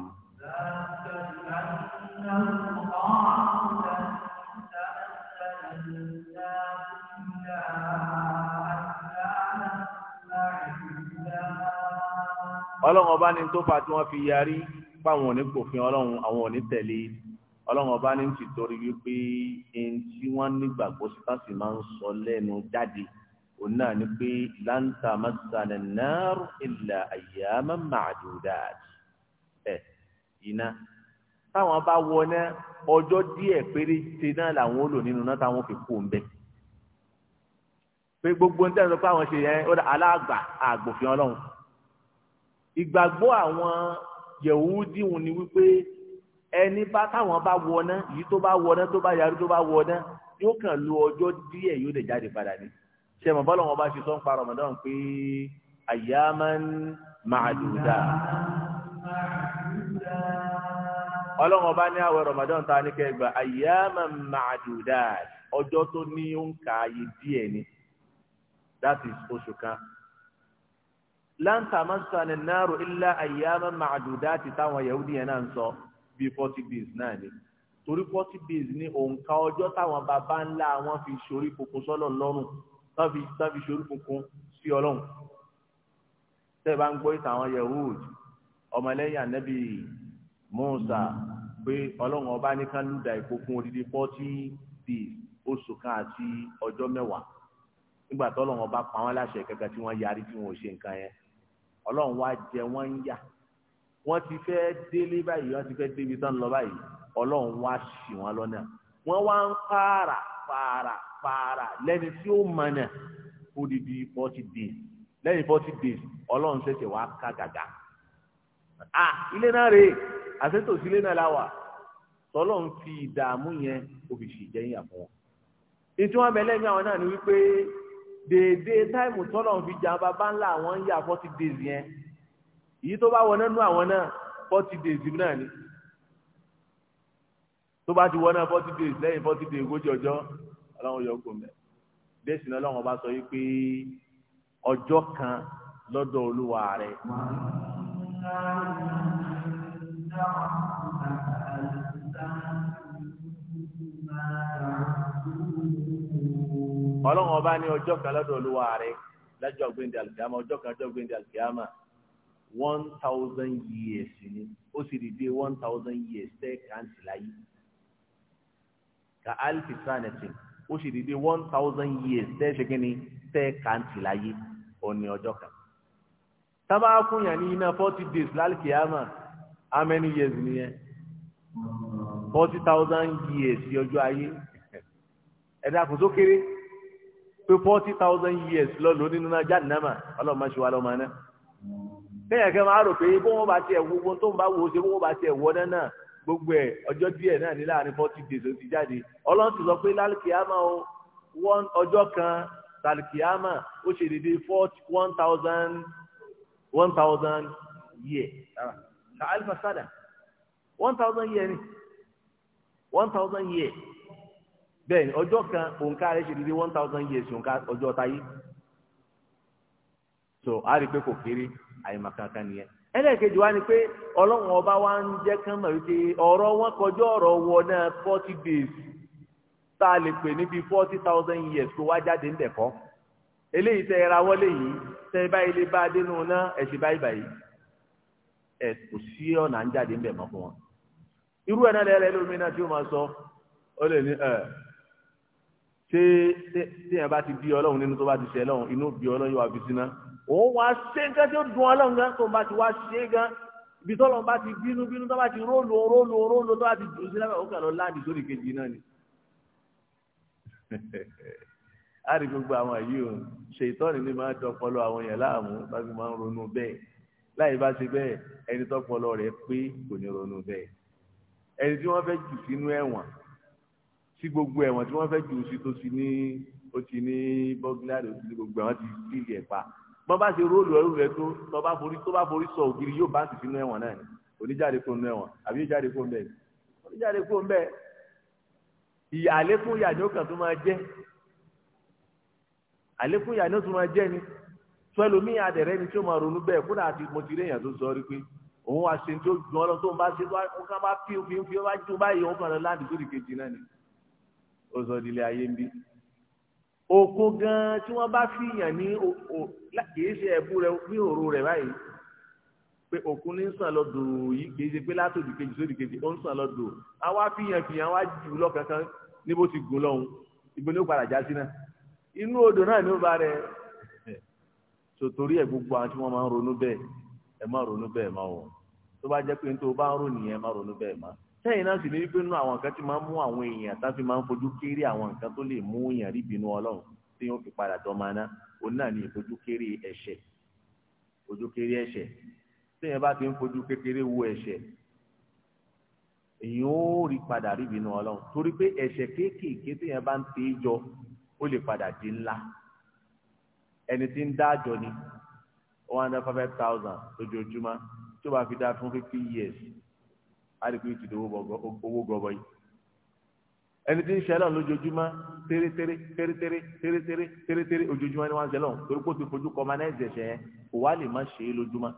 ọlọ́run ọba ní tó fà á tí wọ́n fi yarí fáwọn ò ní gbòfin ọlọ́run àwọn ò ní tẹ̀lé ọlọ́run ọba ní ti torí wípé ẹni tí wọ́n nígbàgbọ́ sí ká sì máa ń sọ lẹ́nu jáde òun náà ni pé lan tamassana an-nar illa ayyaman ma'dudat ẹ iná táwọn bá wọ náà ọjọ́ díẹ̀ péré ṣe náà làwọn ò lò nínú náà táwọn fi kú ń pé gbogbo ń tẹ̀sán pé àwọn ṣe yẹn aláàgbà àgbòfin ọlọ́run ìgbàgbọ́ àwọn yẹ̀wúdí wọn ni wípé ẹni bá táwọn bá wọná yìí tó bá wọná tó bá yarí tó bá wọná yóò kàn lo ọjọ́ díẹ̀ yóò lè jáde padà ní. ṣé mo bọ́lọ̀ wọn bá ṣe sọ́n pa Ramadan pé ayyaman ma'duda. ọlọ́wọ́n bá ní àwẹ̀ Ramadan ta ní kẹgbà ayyaman ma'duda ọjọ́ tó ní òǹkà ayé díẹ̀ ni that is oṣù kan lan tamassan an-nar illa ayyaman ma'duda ti táwọn yahudi yẹn náà ń sọ bíi forty days náà ni torí forty days ni òǹkà ọjọ́ táwọn baba ńlá wọn fi ṣorí kunkun sọ́lọ̀ lọ́rùn tán fi ṣorí kunkun sí ọlọ́run tẹ́ ẹ bá ń gbọ́ ìtàn àwọn Yehud ọmọlẹ́yìn ànábì Mùsá pé ọlọ́run ọba ní kán lùdà ìkókun odidi forty days oṣù kan àti ọjọ́ mẹ́wàá nígbà tó ọlọ́run ọba pa wọ́n láṣẹ kẹ̀kẹ́ tí wọ́n yarí tí wọ́n ò ṣe nǹkan yẹn ọlọ́run wá jẹ wọ́n ń yà wọ́n ti fẹ́ délé báyìí wọ́n ti fẹ́ débi tán lọ báyìí ọlọ́run wá ṣì wọ́n lọ́nà wọ́n wá ń pààrà pààrà pààrà lẹ́ni tí ó mọ̀nà odidi forty days lẹ́yìn forty days ọlọ́run ṣẹ̀ṣẹ̀ wá ká gàgà à ilé náà rèé àṣetòsí ilé náà láwà tọ́lọ́run fi ìdààmú yẹn òfìsì jẹ́yìn àfọ́ wọn wọn bẹ lẹ́yìn àwọn náà ni wípé dèédéé táìmù tọ́lọ́run fi jà bàbá ńlá àwọn ń yà forty days yẹn èyí tó bá wọná nú àwọn náà forty days náà ni tó bá ti wọná forty days lẹ́yìn forty days ogójì ọjọ́ ọlọ́run yọ kò mẹ́ bẹ́ẹ̀ sì ni ọlọ́run bá sọ yìí pé ọjọ́ kan lọ́dọ̀ olúwa rẹ̀. ọlọ́run ọba ní ọjọ́ kan lọ́dọ̀ olúwa rẹ̀ lọ́jọ́ gbẹ̀ndẹ̀ àlùkìyàmà ọjọ́ kan lọ́jọ́ gbẹ̀ndẹ̀ àlùkìyàmà one thousand years ni ó sì dìde one thousand years tẹ́ kàǹtì láyé ka alifi sanẹtì ó sì dìde one thousand years tẹ́ ṣe kí ni tẹ́ kàǹtì láyé òní ọjọ́ kan tábà fúnyàn ní iná forty days lálùkìyàmà how many years nìyẹn forty thousand years ọjọ́ ayé ẹ̀dá kò tó kéré pé forty thousand years lọ́lọ́ nínú náà jáde náà mà ọlọ́run ṣe wà lọ́mọ náà bẹ́ẹ̀ kẹ́ máa rò pé bó bá tiẹ̀ gbogbo tó ń bá wo ṣe bó bá tiẹ̀ wọ́ náà náà gbogbo ẹ̀ ọjọ́ díẹ̀ náà ní láàrin forty days ó ti jáde ọlọ́run ti sọ pé lálùkìyàmà o one ọjọ́ kan lálùkìyàmà ó ṣe dédé forty one thousand one thousand year ṣá alifa sada one thousand year ni one thousand year bẹ́ẹ̀ ni ọjọ́ kan òǹkà rẹ̀ ṣe dédé one thousand years òǹkà ọjọ́ táyé so a rí i pé kò kéré àyèmàkankan nìyẹn ẹlẹ́ẹ̀kejì wa ni pé ọlọ́run ọba wa ń jẹ́ kán mọ̀ wípé ọ̀rọ̀ wọn kọjá ọ̀rọ̀ wọ náà forty days tá a lè pè níbi forty thousand years tó wá jáde ń dẹ̀kọ́ eléyìí tẹ ẹra wọlé yìí tẹ báyìí lè bá a dénú náà ẹ ṣe báyìí báyìí ẹ kò sí ọ̀nà ń jáde ń bẹ̀ mọ́ fún wọn irú ẹ̀ náà lẹ́rẹ́ lómi náà tí ó máa sọ ó lè ní ẹ̀ ṣé ẹ bá ti bí ọlọ́run nínú tó bá ti ṣe òun wá ṣe nǹkan tí ó dùn ọlọ́run gan tó ń bá ti wá ṣe gan ibi tó lọ́n bá ti bínú bínú tó bá ti rólo rólo rólo tó bá ti dùn sí lábẹ́ òun lọ láàdì sórí kejì náà ni. a rí gbogbo àwọn yìí o ṣètọ́ni ni máa dọpọlọ àwọn èèyàn láàmú láti máa ń ronú bẹ́ẹ̀ láì bá ṣe bẹ́ẹ̀ ẹni tọpọlọ rẹ̀ pé kò ní ronú bẹ́ẹ̀ ẹni tí wọ́n fẹ́ jù sínú ẹ̀wọ̀n sí gbogbo ẹ̀wọ̀n tí wọ́n fẹ́ jù sí tó ti ní ó ti ní bọ́gíláàdì ó ti ní gbogbo ẹ̀wọ̀n ti sílẹ̀ pa tó bá ṣe róòlù ẹrú rẹ tó tó bá forí tó bá forí sọ ògiri yóò bá sì sínú ẹ̀wọ̀n náà ni oníjáde kó nú ẹ̀wọ̀n àbí oníjáde kó nbẹ oníjáde kó nbẹ ìyà àlékún ìyà ni ó kàn tó máa jẹ àlékún ìyà ni ó tún máa jẹ ni sọlọmí adẹrẹ ni tí ó máa ronú bẹ́ẹ̀ kódà àti mo ti rí èèyàn tó sọ rí pé òun wá ṣe tí ó gbọ́n lọ tó ń bá ṣe tó wọn kàn bá fi fi fi wá ju báyìí òun kàn oko gan tí wọ́n bá fi yàn ní o kìí ṣe ẹ̀bú rẹ ní òru rẹ báyìí pé òkun ní sàn lọ dò yìí kìí ṣe pé látòdì kejì sódì kejì ó ń sàn lọ dò àwa fi yàn fi yàn wá jù lọ kankan níbo ti gùn lọ́hùn ibo ni ó padà já sí náà inú odò náà ni ó bá rẹ sotori ẹ gbogbo àwọn tí wọ́n máa ń ronú bẹ́ẹ̀ ẹ má ronú bẹ́ẹ̀ má o tó bá jẹ́ pé nítorí o bá ń ronú yẹn má ronú bẹ́ẹ̀ má sẹ́yìn náà sì ní wípé nínú àwọn nǹkan tí máa ń mú àwọn èèyàn tá fi máa ń fojú kéré àwọn nǹkan tó lè mú èèyàn rí ìbínú ọlọ́run tí yóò fi padà dán máa ná òun náà ní ìfojú kéré ẹ̀ṣẹ̀ fojú kéré ẹ̀ṣẹ̀ sẹ́yìn bá ti ń fojú kékeré wo ẹ̀ṣẹ̀ èèyàn ó rí padà rí ìbínú ọlọ́run torí pé ẹ̀ṣẹ̀ kéékèèké téèyàn bá ń tè é jọ ó lè padà di ńlá ẹni tí ń dá àjọ ni one hundred five thousand lójoojúmọ́ tó bá fi dá fún fifty years àdìpé yóò ti di owó gọbọi ẹni tí ń ṣẹlẹ̀ lójoojúmọ́ tẹ́rẹ́tẹ́rẹ́ tẹ́rẹ́tẹ́rẹ́ tẹ́rẹ́tẹ́rẹ́ tẹ́rẹ́tẹ́rẹ́ ojoojúmọ́ ni wọ́n ń ṣẹlẹ̀ torí kó ti fojú kọ́ máa náà ṣẹ̀ṣẹ̀ yẹn kò wá lè má ṣe é lójúmọ́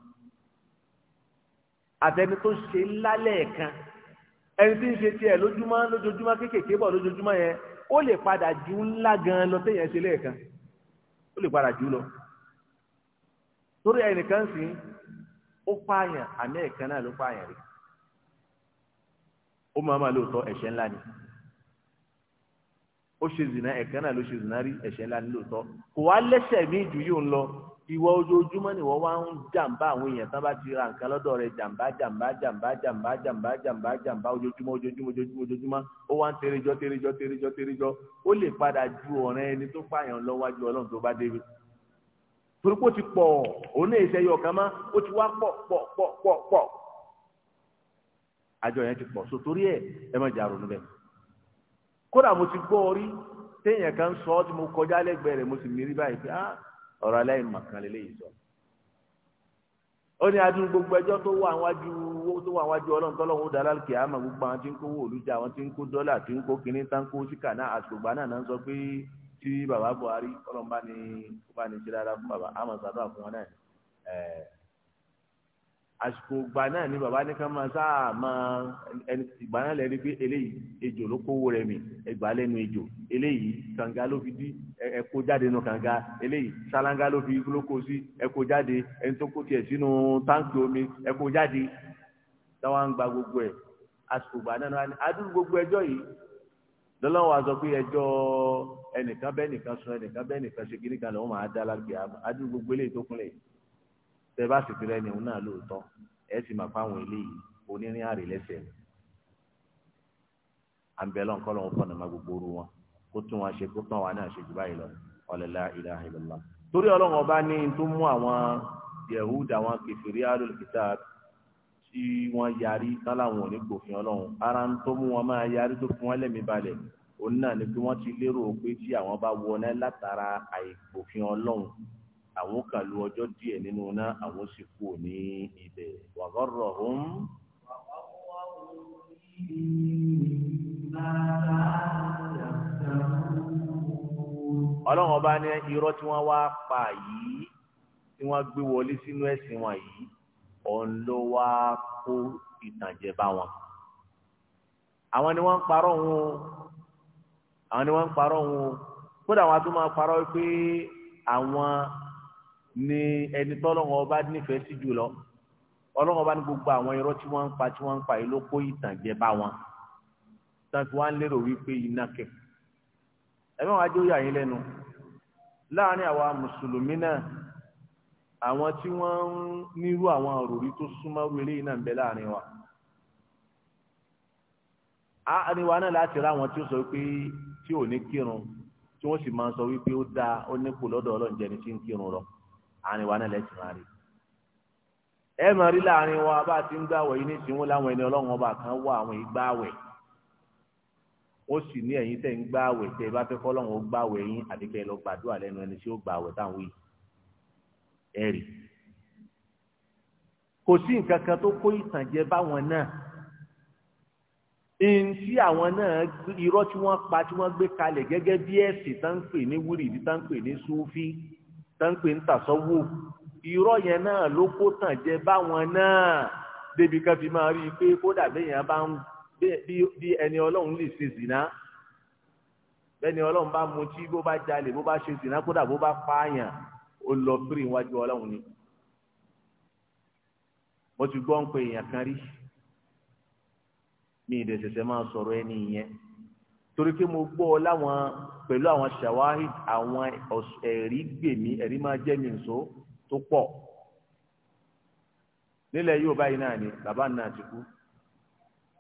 àtẹni tó ṣe lálẹ́ kan ẹni tí ń ṣe tiẹ̀ lójúmọ́ lójoojúmọ́ kéékèèké bọ̀ lójoojúmọ́ yẹn ó lè padà ju ńlá gan lọ téèyàn ṣe lẹ́ẹ̀kan ó lè padà jù lọ torí ẹnìkan sìn ó pààyàn àmì ẹ̀kan náà ló pààyàn rèé ó máa máa lóòótọ́ ẹ̀ṣẹ̀ ńlá ni ó ṣe zìnà ẹ̀kan náà ló ṣe zìnà rí ẹ̀ṣẹ̀ ńlá ni lóòótọ́ kò wá lẹ́sẹ̀ míì jù yóò ń lọ ìwọ ojoojúmọ́ ni wọ́n wá ń jàǹbá àwọn èèyàn tán bá ti ra nǹkan lọ́dọ̀ rẹ̀ jàǹbá jàǹbá jàǹbá jàǹbá jàǹbá jàǹbá jàǹbá ojoojúmọ́ ojoojúmọ́ ojoojúmọ́ ojoojúmọ́ ó wá ń tẹrẹjọ́ tẹrẹjọ́ tẹrẹjọ́ tẹrẹjọ́ ó lè padà ju ọ̀rẹ́ ẹni tó pààyàn lọ́wájú ọlọ́run tó bá débi. torí pé ó ti pọ̀ òun náà ìṣẹ́yọ̀ kan mọ́ ó ti wá pọ̀ pọ̀ pọ̀ pọ̀ pọ̀ àjọ yẹn ti pọ̀ so torí ẹ̀ ẹ má jà ronú bẹ́ẹ̀ kódà mo ti gbọ́ orí téèyàn kan sọ ọ́ tí mo kọjá lẹ́gbẹ̀ẹ́ rẹ̀ mo sì mírí báyìí pé ah ọ̀rọ̀ lélẹ́yìí sọ ó ní adúlù gbogbo ẹjọ́ tó wà wájú owó tó wà wájú ọlọ́run gbogbo àwọn tí ń kówó àwọn tí ń kó dọ́là tí ń kó síkà náà Buhari ọlọ́run bá ní bá ní ṣe fún bàbá àsìkò ìgbà náà ni bàbá ní ká máa sáà máa ẹni ìgbà náà lẹ́ni pé eléyìí ejò ló kówó rẹ̀ mì ẹgbà lẹ́nu ejò eléyìí kànga ló fi dí ẹkó jáde nù kànga eléyìí sálángá ló fi ló sí ẹkó jáde ẹni tó kó tiẹ̀ sínú táǹkì omi ẹkó jáde táwọn ń gba gbogbo ẹ̀ àsìkò ìgbà náà ni adúlù gbogbo ẹjọ́ yìí lọ́lọ́wọ́ a sọ pé ẹjọ́ ẹnìkan bẹ́ẹ̀ nìkan sọ ẹnìkan bẹ́ẹ̀ nìkan ṣe kíníkan lọ́wọ́ máa dá lágbèá tẹ bá sì tirẹ̀ ni òun náà lóòótọ́ ẹ sì máa fáwọn eléyìí onírin àrè lẹ́sẹ̀ ni àǹbẹ̀lọ́ nǹkan lọ́wọ́ fọ́nà máa gbogbo oru wọn kó tún wọn ṣe kó tán wọn náà ṣe jù báyìí lọ ọ̀lẹ́lá ilaha illallah torí ọlọ́run ọba ní tó mú àwọn yehud àwọn kẹfìrí alólùkítà tí wọ́n yarí tán láwọn onígbòfin ọlọ́run ara ń tó mú wọn máa yarí tó fún wọn lẹ́mìí balẹ̀ òun náà ni pé wọ́n ti lérò pé tí àwọn bá wọ náà látara àìgbòfin ọlọ́run àwọn kan lu ọjọ́ díẹ̀ nínú náà àwọn sì kú ní ibẹ̀ wa gharrahum. ọlọ́run ọba ní irọ́ tí wọ́n wá pa yìí tí wọ́n gbé wọlé sínú ẹ̀sìn wọn yìí òun ló wá kó ìtànjẹ bá wọn. àwọn ni wọ́n ń parọ́ wọn o àwọn ni wọ́n ń parọ́ wọn o kódà wọn a tún máa parọ́ pé àwọn Ni ẹni tọ́lọ́wọ́ ọba nífẹ̀ẹ́ sí jùlọ ọlọ́wọ́ bá ní gbogbo àwọn irọ́ tí wọ́n ń pa tí wọ́n ń pa yìí ló kó ìtànjẹ bá wọn tàbí wọ́n á lérò wípé iná kẹ̀. ẹ̀mí wàá jẹ́ ó yà yín lẹ́nu láàárín àwa mùsùlùmí náà àwọn tí wọ́n ń nírú àwọn òròrí tó súnmọ́ wẹlé iná ń bẹ láàárín wa. àárín wa náà láti rá àwọn tí ó sọ pé tí ò ní kírun tí wọ́n sì máa sọ wípé ó dáa ó nípò lọ́dọ̀ ọlọ́run àárín wa náà lẹ́sìn máa rí ẹ máa rí láàrin wa bá a ti ń gbàwẹ̀ yìí nísìnyí wọn láwọn ẹni ọlọ́run ọba kan wà àwọn ìgbàwẹ̀ ó sì ní ẹ̀yin tẹ̀ ń gbàwẹ̀ tẹ̀ bá fẹ́ kọ́lọ́run ó gbàwẹ̀ yín àdìkẹ́ lọ gbàdúrà lẹ́nu ẹni tí ó gbàwẹ̀ táwọn yìí ẹ rí kò sí nǹkan kan tó kó ìtànjẹ báwọn náà ntí àwọn náà irọ́ tí wọ́n pa tí wọ́n gbé kalẹ̀ gẹ́gẹ́ bí ẹ̀sìn tá ń pè ní wúrìdí tá ń pè ní súfí táǹpé ń tàsọ́wò irọ́ yẹn náà ló kó tàn jẹ báwọn náà débi kan fi máa rí i pé kódà béèyàn bá ń bí ẹni ọlọ́run lè ṣe zìnà bẹ́ẹ̀ni ọlọ́run bá mutí bó bá jalè bó bá ṣe zìnà kódà bó bá pààyàn ó lọ fírì wájú ọlọ́run ni mo ti gbọ́ ń pe èèyàn kan rí mi ìdẹ̀sẹ̀sẹ̀ máa sọ̀rọ̀ ẹni yẹn torí pé mo gbọ́ ọ láwọn pẹ̀lú àwọn ṣàwáhì àwọn ẹ̀rí gbèmí ẹ̀rí máa jẹ́ mi nso tó pọ̀ nílẹ̀ Yorùbá yìí náà ni bàbá náà ti kú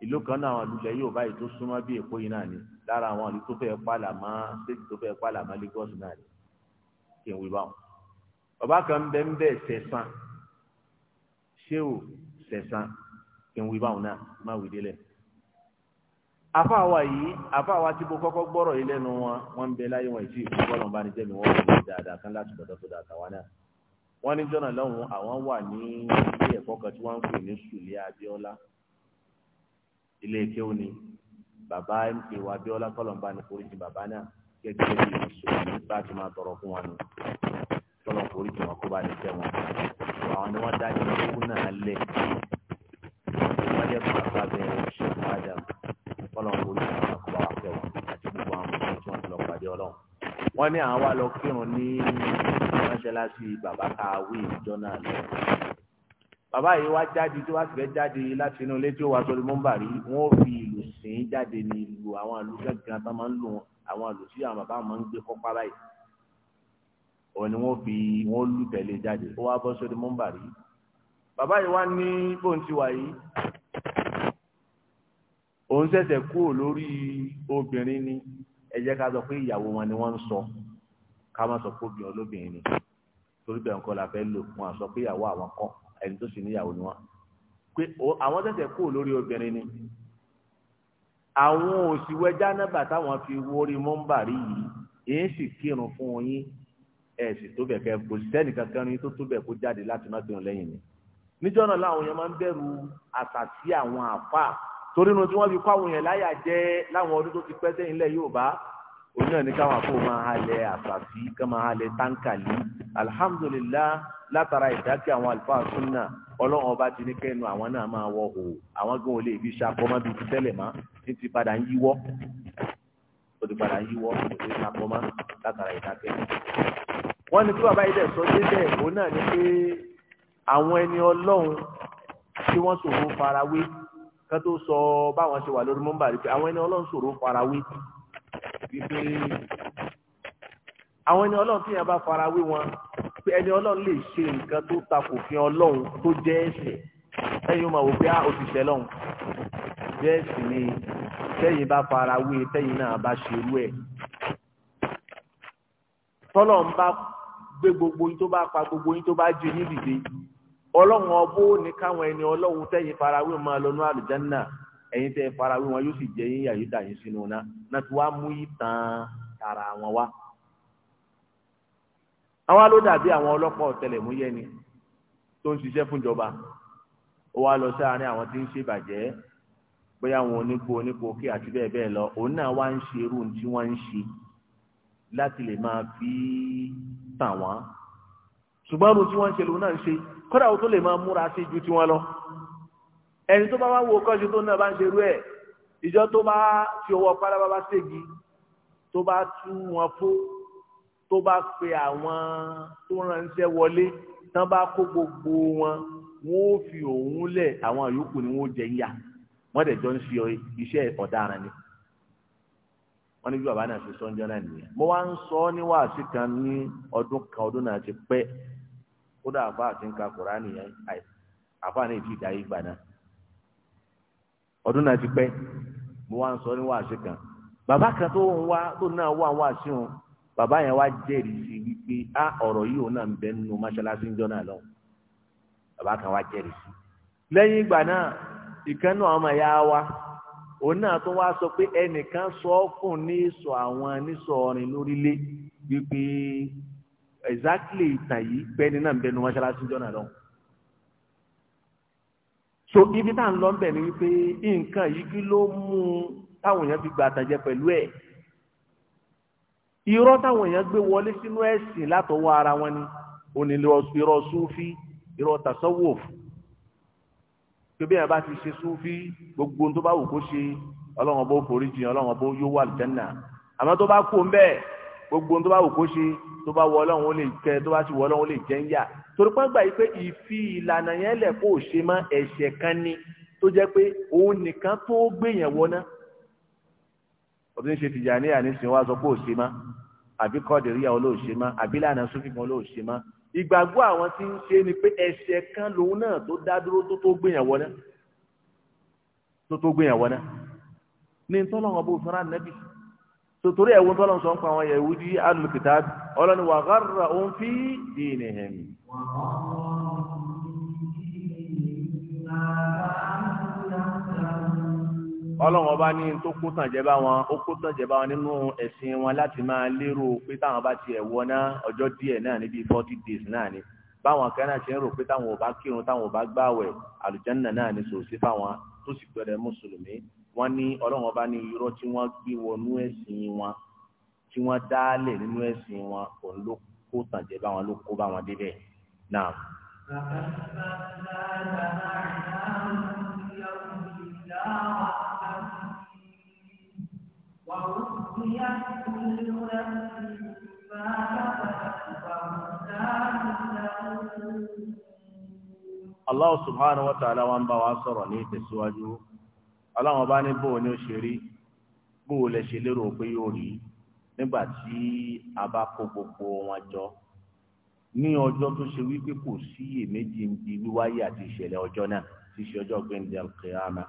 ìlú kan náà àwọn àlùjẹ Yorùbá yìí tó súnmọ́ bí Èkó yìí náà ni lára àwọn àlù tó fẹ́ pààlà mọ́ stéètì tó fẹ́ pààlà mọ́ Lagos náà ni kí n wí báwọn. bàbá kan ń bẹ ń bẹ sẹ̀sán ṣé o sẹ̀sán kí n wí báwọn náà má wí délẹ̀. Afa yìí àfáàwà tí mo kọ́kọ́ gbọ́rọ̀ yìí lẹ́nu wọn wọ́n ń bẹ láyé wọn ìtì ìfúnbọ́lọ̀ bá ní jẹ́mi wọ́n wọ́n dáadáa kan láti dọ̀dọ̀ tó dáadáa wá náà wọ́n ní jọ́nà lọ́hùn àwọn wà ní ilé ẹ̀kọ́ kan tí wọ́n ń pè ní sùlẹ̀ ilé kéwù ni bàbá mk wa abíọ́lá kọ́lọ̀mbá ní foríjì bàbá náà gẹ́gẹ́ bí ìṣòro nípa tí máa tọrọ fún wọn nù kọ́lọ̀ foríjì wọn kó bá ní fẹ́ wọn àwọn ni wọ́n dá kọ́lọ̀ kó lè fún àkọ́bá wa fẹ́ wọn àti gbogbo àwọn mùsùlùmí tí wọ́n ti lọ pàdé ọlọ́run. wọ́n ní àwọn wa lọ kírun ní mọ́ṣáláṣí bàbá kàwé ìjọ náà lọ. bàbá yìí wá jáde tí wàá fẹ́ jáde láti inú ilé tí ó wá sórí mọ́ńbàrí wọ́n fi ìlù sìn jáde ní ìlú àwọn ìlú gángan tó máa ń lò àwọn ìlù tí àwọn bàbá máa ń gbé kọ́pá báyìí. òun ni wọ́n fi wọ́n lù tẹ̀lé e jáde ó wá bọ́ sórí mọ́ńbàrí. bàbá yìí wá ní bóun ti wà yìí òun ṣẹ̀ṣẹ̀ kúrò lórí obìnrin ni ẹ jẹ́ ká sọ pé ìyàwó wọn ni wọ́n ń sọ ká má sọ pé obìnrin olóbìnrin ni torí bẹ́ẹ̀ nǹkan la fẹ́ lò wọn àsọ pé ìyàwó àwọn kọ́ ẹni tó sì níyàwó ni wọn pé àwọn ṣẹ̀ṣẹ̀ kúrò lórí obìnrin ni àwọn òsìwẹ́ jánábà táwọn fi wórí mọ́ńbàrí yìí èyí sì kírun fún yín ẹ̀ tó bẹ̀ kẹ́ kò sẹ́nì kankan ní tó tó bẹ̀ kó jáde láti má kírun lẹ́yìn mi níjọ́ náà làwọn yẹn máa ń bẹ̀rù àtàtì àwọn àfáà torí inú tí wọ́n fi kó àwọn yẹn láyà jẹ́ láwọn ọdún tó ti pẹ́ sẹ́yìn lẹ̀ Yorùbá òun náà ní káwọn àpò máa halẹ̀ àṣàfi ká máa táǹkàlì alhamdulillah látara ìdákẹ́ àwọn àlùfáà súnà ọlọ́run ọba ti ní kẹ́nu àwọn náà máa wọ hò àwọn gan olè ibi ṣàkọ́mọ́ bíi ti tẹ́lẹ̀ mọ́ ní ti padà ń yíwọ́ ó ti padà ń yíwọ́ ó ti ṣàkọ́mọ́ látara ìdákẹ́. wọ́n ní kí bàbá ilẹ̀ sọ débẹ̀ òun náà ní pé àwọn ẹni ọlọ́run tí wọ́n ṣòro farawé kan tó sọ báwọn ṣe wà lórí mọ́mbà rí pé àwọn ẹni ọlọ́run ṣòro farawé wípé àwọn ẹni ọlọ́run tí bá farawé wọn pé ẹni ọlọ́run lè ṣe nǹkan tó takò fi ọlọ́run tó jẹ́ ẹ̀ṣẹ̀ ẹ̀yin máa wò pé a ah, òṣìṣẹ́ lọ́hùn jẹ́ ẹ̀ṣẹ̀ ni tẹ́yìn bá farawé tẹ́yìn náà bá ṣerú ẹ̀ tọ́lọ̀ ń bá gbé gbogbo yín tó bá pa gbogbo yín tó bá jí yín dìde ọlọ́run ọbó ní káwọn ẹni ọlọ́run tẹ́yìn farawé máa lọ́nú àlùjánná ẹ̀yin tẹ́ farawé wọn yóò sì jẹ́ yín yàyó dà yín sínú náà náà tí wàá mú ìtàn tara wọn wá. àwa ló dàbí àwọn ọlọ́pàá ọ̀tẹlẹ̀múyẹ́ ni tó ń ṣiṣẹ́ fúnjọba ó wá lọ sáárín àwọn tí ń ṣèbàjẹ́ bóyá àwọn onípo onípo kí àti bẹ́ẹ̀ bẹ́ẹ̀ lọ òun náà wá ń ṣe irú tí wọ́n ń ṣe láti lè máa fi tàn wọ́n ṣùgbọ́n kódà ó tó lè máa múra sí ju tiwọn lọ ẹni tó bá wá wo kọ́ṣe tó náà bá ń ṣerú ẹ̀ ìjọ tó bá fi owó pálábá bá ségi tó bá tú wọn fún tó bá pe àwọn tó ránṣẹ́ wọlé tán bá kó gbogbo wọn wọn ò fi òun lẹ̀ àwọn yòókù ni wọn ò jẹ yíyà wọn dẹ̀ jọ ń ṣe iṣẹ́ ọ̀daràn ni wọn ní bí bàbá náà ṣe sọ náà nìyẹn mo wá ń sọ ọ ní kan ní ọdún kan ọdún náà ti pẹ́ kódà àfa àti nǹka kùránì yẹn àfa náà fi dà yìí gbàdá ọdún náà ti pẹ́ mo wá ń sọ ní wàásù kan bàbá kan tó ń wá tó náà wà ń wàásù wọn bàbá yẹn wá jẹ́rìí sí wípé a ọ̀rọ̀ yìí òun náà ń bẹ nínú mọ́ṣáláṣí ń jọ náà lọ bàbá kan wá jẹ́rìí sí lẹ́yìn ìgbà náà ìkan náà ọmọ ya wa òun náà tó wá sọ pé ẹnìkan sọ fún ní sọ àwọn nísọ ọrin lórílẹ̀ wípé exactly ìtàn yìí bẹ́ẹ̀ni náà ń bẹnu mọ́ṣáláṣí jọ́nà lọ. so ibi tá à ń lọ ń bẹ̀ ni wípé nǹkan yìí kí ló mú táwọn èèyàn fi gba àtàjẹ pẹ̀lú ẹ̀ irọ́ táwọn èèyàn gbé wọlé sínú ẹ̀sìn látọwọ́ ara wọn ni onílé irọ́ súnfí irọ́ tasawuf tóbi yẹn bá ti ṣe súnfí gbogbo tó bá wù kó ṣe ọlọ́run bó forí jìn ọlọ́run bó yóò wà lùjẹ́ àmọ́ tó bá kú ń bẹ́ẹ̀ gbogbo tó bá wù kó ṣe tó bá wọ ọlọ́run ó lè kẹ tó bá sì wọ ọlọ́run ó lè jẹ́ ń yà torí pé gbà yìí pé ìfi ìlànà yẹn lẹ̀ kó o ṣe mọ́ ẹ̀ṣẹ̀ kan ni tó jẹ́ pé òun nìkan tó gbé yẹn wọná òbí ń ṣe Tìjàníyà nísìnyí wá sọ pé ò ṣe mọ́ àbí kọ́ọ̀dìríyà ó lò ṣe mọ́ àbí lànà Súfì kan ló ṣe mọ́ ìgbàgbọ́ àwọn tí ń ṣe ni pé ẹ̀ṣẹ̀ kan lòun náà tó dá tó tó gbé yẹn wọná tó tó gbé sotori ẹ̀wọ̀n tọ́lọ̀ sọ ń pa àwọn Yahudi ahlul kitab ọlọ́ni wa gharrahum fi dinihim. ọlọ́run ọba ní tó kó tàn jẹ́ bá wọn ó kó tàn jẹ́ bá wọn nínú ẹ̀sìn wọn láti máa lérò pé táwọn bá tiẹ̀ wọ náà ọjọ́ díẹ̀ náà níbi forty days náà ni báwọn kan ṣe ń rò pé táwọn ò bá kírun táwọn ò bá gbààwẹ̀ àlùjánnà náà ni sòsí fáwọn tó sì gbọ́dọ̀ mùsùlùmí wọ́n ní ọlọ́run ọba ní irọ́ tí wọ́n gbé wọnú ẹ̀sìn wọn tí wọ́n dálẹ̀ nínú ẹ̀sìn wọn òun ló kó tàjẹ́ bá wọn ló kó bá wọn náà. Allah subhanahu wa ta'ala wa ń bá wa sọ̀rọ̀ ní ìtẹ̀síwájú. ọlọ́run bá ní bó o ní o ṣe rí bó o lè ṣe lérò pé yóò rí nígbà tí a bá kó gbogbo wọn jọ ní ọjọ́ tó ṣe wípé kò sí iyèméjì ń di wíwáyé àti ìṣẹ̀lẹ̀ ọjọ́ náà tí ṣe ọjọ́ gbẹ̀ndẹ̀ alkiyama.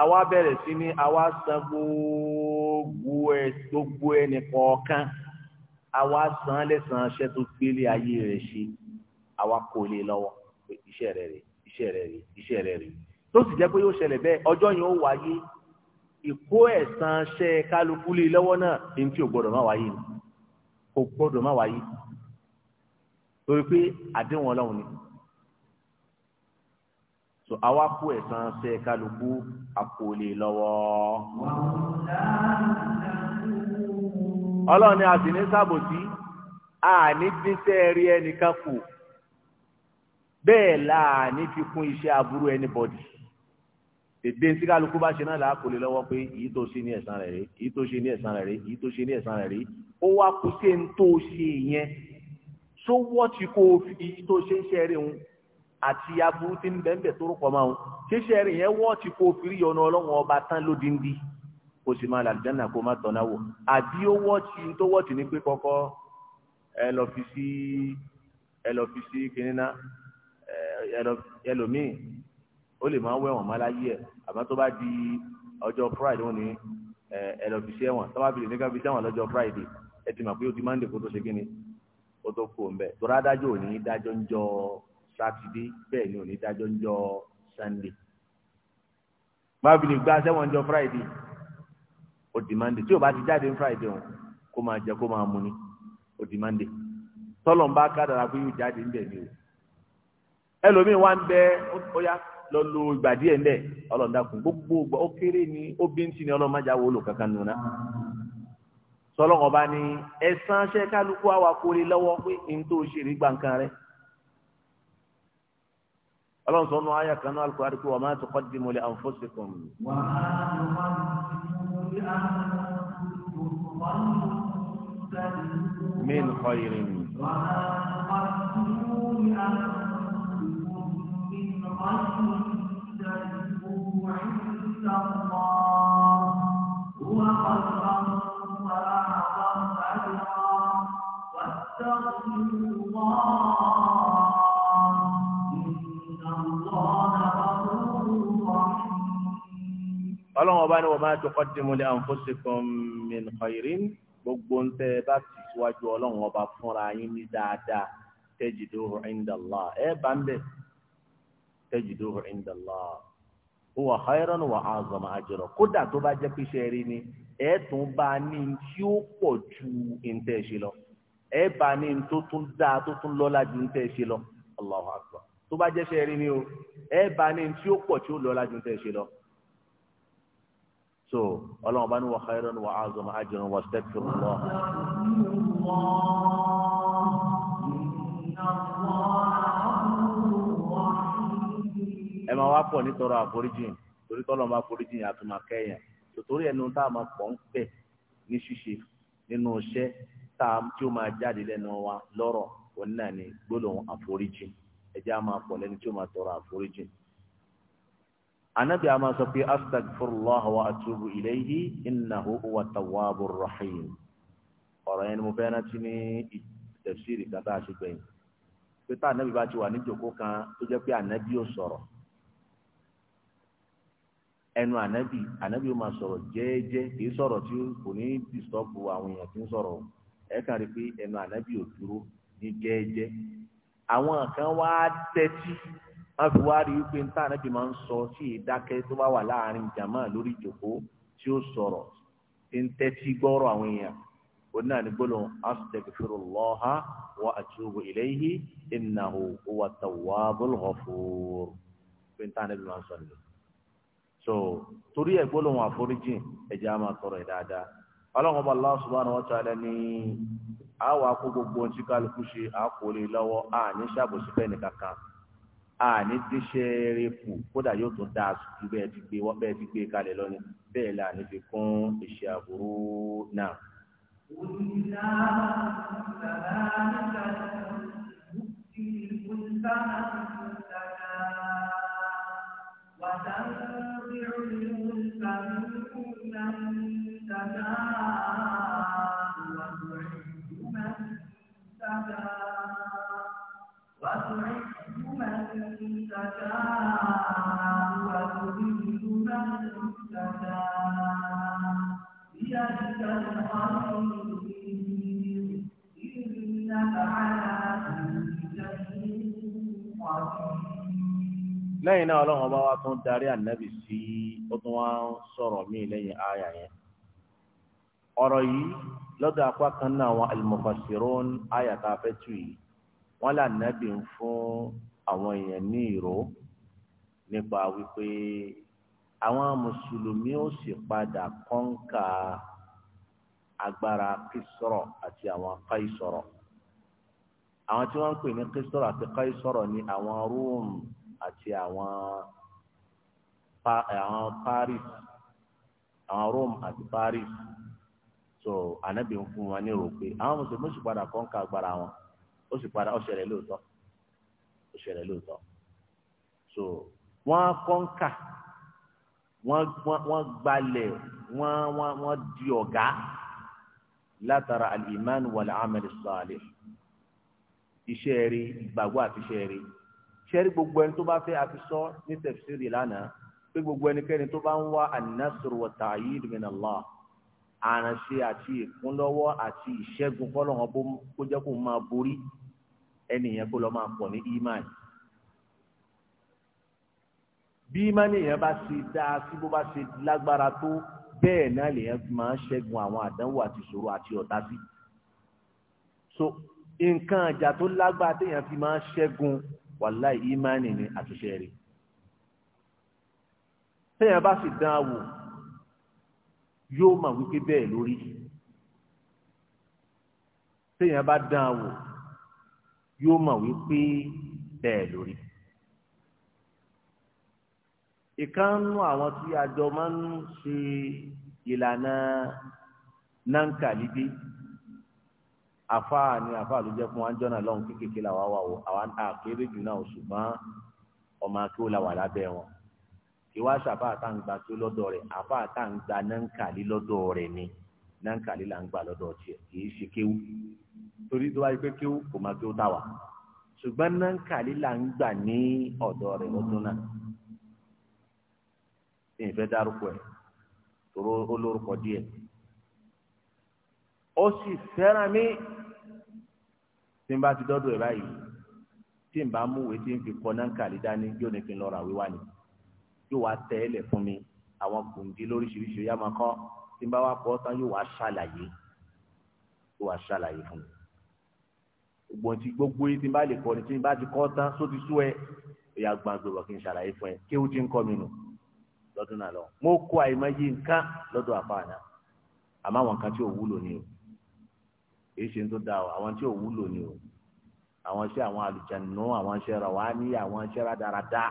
àwa bẹ̀rẹ̀ sí ní àwa san gbogbo ẹnì kọ̀ọ̀kan àwa san lẹ́sàn-án ṣẹ́ tó gbélé ayé rẹ̀ ṣe àwa kò lè lọ́wọ́ pé iṣẹ́ rẹ̀ rè iṣẹ́ rẹ̀ rè iṣẹ́ rẹ̀ rè tó sì jẹ́ pé yóò ṣẹlẹ̀ bẹ́ẹ̀ ọjọ́ yẹn ó wáyé ìkó ẹ̀san ṣe kálukú lé lọ́wọ́ náà ní tí ò gbọ́dọ̀ má wáyé ni kò gbọ́dọ̀ má wáyé torí pé àdéhùn ọlọ́run ni so àwa kó ẹ̀san ṣe kálukú àpò lè lọ́wọ́. ọlọ́run ni a sì ní sábòtí ẹnìkan kù bẹ́ẹ̀ láà ní fi kún iṣẹ́ aburú anybody dèdè tí kálukú bá ṣe náà là á kò lè lọ́wọ́ pé èyí tó ṣe ní ẹ̀san rẹ̀ rí èyí tó ṣe ní ẹ̀san rẹ̀ rí èyí tó ṣe ní ẹ̀san rẹ̀ rí ó wá kú sí ẹni tó ṣe yẹn tó wọ́ ti kó èyí tó ṣe ń ṣe rí òun àti aburú tí ń bẹ́ẹ̀ tó rúkọ máa ń ṣeṣẹ́ rí yẹn wọ́ ti kó fìrí ọ̀nà ọlọ́wọ́n ọba tán lódindi kó sì máa làlùjáná kó má tọ̀nà wò àbí ó wọ́ ti tó wọ́ ti ní pé kọ́kọ́ ẹ lọ fi sí ẹ lọ fi sí kinní ẹlòmíì ó lè máa wẹ̀wọ̀n máa láyé ẹ̀ àmọ́ tó bá di ọjọ́ friday wọn ni ẹ lọ fi ṣe wọn tó bá fi lè ní ká fi ṣe lọ́jọ́ friday ẹ ti mọ̀ pé ó di monday kó tó ṣe kíni kó tó kú òun bẹ́ẹ̀ tó rádájọ́ òní dájọ́ ń jọ sátidé bẹ́ẹ̀ ni òní dájọ́ ń jọ sunday máa fi lè gba sẹ́wọ̀n ń friday ó di monday tí o bá ti jáde ní friday òun kó máa jẹ kó máa mu ni ó di monday tọ́lọ̀ ń bá kádàrá pé yóò jáde ń ni o ẹlòmíín wá ń bẹ ó yá lọ lo ìgbà díẹ̀ ń bẹ ọlọ́dàkùn gbogbo ìgbà ó kéré ní ó bí ń tì ní ọlọ́mọdé àwọn olùkankan nù náà sọlọ́kọ̀ bá ní ẹ̀sán ṣe kálukú awakore lọ́wọ́ pé n tó ṣe rí gbàǹkan rẹ ọlọ́run sọnù ayé kanú alukóhárì pé wà má tuqaddimu li anfusikum. min khairin. وعند الجبوع عند الله هو خيرا وأعظم أجرا واستغفر الله إن الله غفور رحيم ọlọ́run ọba ni wọ́n máa tó kọ́dìmú lé àǹfọ̀sìkọ́m min khairin gbogbo ń tẹ́ ẹ bá ti síwájú ọlọ́run ọba fúnra yín ní dáadáa tẹ́jì tó rọ̀ ẹ̀ ń dàlá ẹ bá ń bẹ̀ tajiduhu inda Allah huwa khayran wa azama ajra kódà tó bá jẹ́ píṣẹ́ rí ni ẹ̀ tún bá ní tí ó pọ̀ ju ìǹtẹ̀ ṣe lọ ẹ̀ bá ní tó tún dá tó tún lọ́lá ju ìǹtẹ̀ ṣe lọ Allahu akbar tó bá jẹ́ ṣe rí ni o ẹ̀ bá ní tí ó pọ̀ tí ó lọ́lá ju ìǹtẹ̀ ṣe lọ so ọlọ́run bá ní wà khairan wà azọmọ ajran wà stẹkìrì lọ. Allah ẹ máa wá pọ̀ nítorí àforíjìn torí tọ́lọ́ máa foríjìn àtúmọ̀ kẹ́yìn tòtórí ẹnu tá a máa pọ̀ ń bẹ̀ ní ṣíṣe nínú iṣẹ́ tá a tí ó máa jáde lẹ́nu wa lọ́rọ̀ òun náà ni gbólóhùn àforíjìn ẹjẹ́ a máa pọ̀ lẹ́nu tí ó máa tọrọ àforíjìn. anabi a máa sọ pé astagfirullah wa atubu ilayhi innahu huwa tawwabur rahim ọ̀rọ̀ yẹn ni mo fẹ́ rántí ní tafsiri kan tá pé tá anabi bá ti wà ní jòkó kan tó jẹ́ pé anabi yóò sọ̀rọ̀ ẹnu anabi anabi ó ma sọ̀rọ̀ jẹ́ẹ́jẹ́ kìí sọrọ tí kò ní àwọn èèyàn tí ń o ẹ kàn pé ẹnu ànábì ò dúró ní jẹ́ẹ́jẹ́ àwọn kan wá tẹ́tí wọ́n fi wá rí i pé níta ànábì máa ń sọ tí ìdákẹ́ tó bá wà láàrin jàmá lórí ìjòkó tí ó sọ̀rọ̀ tí ń tẹ́tí gbọ́rọ̀ àwọn èèyàn oní ànigbọ́lọ̀ astaghfirullaha so torí ẹ̀ gbólóhùn àforíjì ẹ̀jẹ̀ á máa tọrọ ẹ̀ dáadáa ọlọ́run ọba Allah subhanahu wa ní àwọn akó gbogbo ohun tí kálukú ṣe àkórè e lọ́wọ́ àní ṣàbòsí fẹ́ni kankan àní tí ṣẹ́ẹ́rẹ́ kù kódà yóò tún dáa ju bẹ́ẹ̀ ti gbé bẹ́ẹ̀ ti gbé na lọ́ni bẹ́ẹ̀ là ní fi kún àbúrú náà. تشاء وتذل من تشاء بيدك الخير إنك على كل شيء قدير lẹ́yìn náà ọlọ́run ọba wa tún darí ànábì sí ó tún wá ń sọ̀rọ̀ míì lẹ́yìn àyà yẹn ọ̀rọ̀ yìí lọ́dọ̀ apá kan náà àwọn al àyà tá a fẹ́ tù yìí wọ́n lé ànábì ń fún àwọn èèyàn ní ìró nípa wípé àwọn mùsùlùmí ó sì padà kọ́ńkà agbára Kisra àti àwọn Kaisọ̀rọ̀ àwọn tí wọ́n ń pè ní Kisra àti Kaisọ̀rọ̀ ni àwọn Róòmù àti àwọn àwọn Paris àwọn Róòmù àti Paris so ànábì ń fún wọn ní rò pé àwọn mùsùlùmí ó sì padà kọ́ńkà agbára wọn ó sì padà ó ṣẹlẹ̀ lóòótọ́ ó ṣẹlẹ̀ lóòótọ́ so wọ́n kọ́ńkà wọ́n wọ́n gbalẹ̀ wọ́n wọ́n wọ́n di ọ̀gá látara al-iman wal-amal as-salih iṣẹ́ rí ìgbàgbọ́ àti iṣẹ́ rí iṣẹ́ rí gbogbo ẹni tó bá fẹ́ àti sọ ní tafsiri lánàá pé gbogbo ẹnikẹ́ni tó bá ń wá an-nasr wa ta'yid min Allah àránṣe àti ìkúnlọ́wọ́ àti ìṣẹ́gun kọ́lọ́hàn kó jẹ́ kó máa borí ẹnìyẹn kó lọ máa pọ̀ ní ìmáànì bí ìmáànì yẹn bá ṣe dáa sí bó bá ṣe lágbára tó bẹ́ẹ̀ náà lèyẹn máa ṣẹ́gun àwọn àdánwò àti ìṣòro àti ọ̀tá sí so nǹkan àjà tó lágbára téèyàn fi máa ń ṣẹ́gun wàláì ìmáànì ni àtúnṣe rẹ̀ téèyàn bá sì dán wò yóò mà wípé bẹ́ẹ̀ lórí téèyàn bá dán wò yóò mọ̀ wípé bẹ́ẹ̀ lórí. ìkànnù àwọn tí àjọ máa ń ṣe ìlànà nankalibi àfáà ni àfáà ló jẹ́ fún wa ń jọ́nà lọ́hùn kékeré làwa wà o àwọn àkéré jù náà ṣùgbọ́n ọmọ akéwò la wà lábẹ́ wọn ìwà ṣàfáà tá à ń gba tó lọ́dọ̀ rẹ̀ àfáà tá à ń gba nankali lọ́dọ̀ rẹ̀ ni nankali là ń gba lọ́dọ̀ tiẹ̀ kì í ṣe kéwù torí tó wáyé pé kí ó kò máa kí ó dá wa ṣùgbọ́n náǹkà líla ń gbà ní ọ̀dọ̀ rẹ̀ lọ́dún náà ní ìfẹ́ dárúkọ ẹ̀ tòró olórúkọ díẹ̀ ó sì fẹ́ràn mí tí n bá ti dọ́dọ̀ ẹ̀ báyìí tí n bá mú ìwé tí n fi kọ náǹkà líla ní yóò ní kí n lọ ra wíwá ni yóò wá tẹ́ ẹ lẹ̀ fún mi àwọn gbòǹdì lóríṣiríṣi yá máa kọ́ tí n bá wá kọ́ tán yóò wá ṣàlàyé yóò wá ṣàlàyé fún mi gbogbo ti gbogbo yìí ti bá lè kọ́ ni tí bá ti kọ́ tán só ti sú ẹ ìyá gbàgbé wọ̀ kí n ṣàlàyé fún ẹ kí o ti ń kọ́ mi nù lọ́dún náà lọ. mo kó àìmọ̀ yìí nǹkan lọ́dọ̀ àfààná àmọ́ àwọn nǹkan tí ò wúlò ni o èyí ṣe ń tó dáa o àwọn tí ò wúlò ni o àwọn iṣẹ́ àwọn àlùjánu àwọn iṣẹ́ rẹ̀ wá ní àwọn iṣẹ́ rádaràda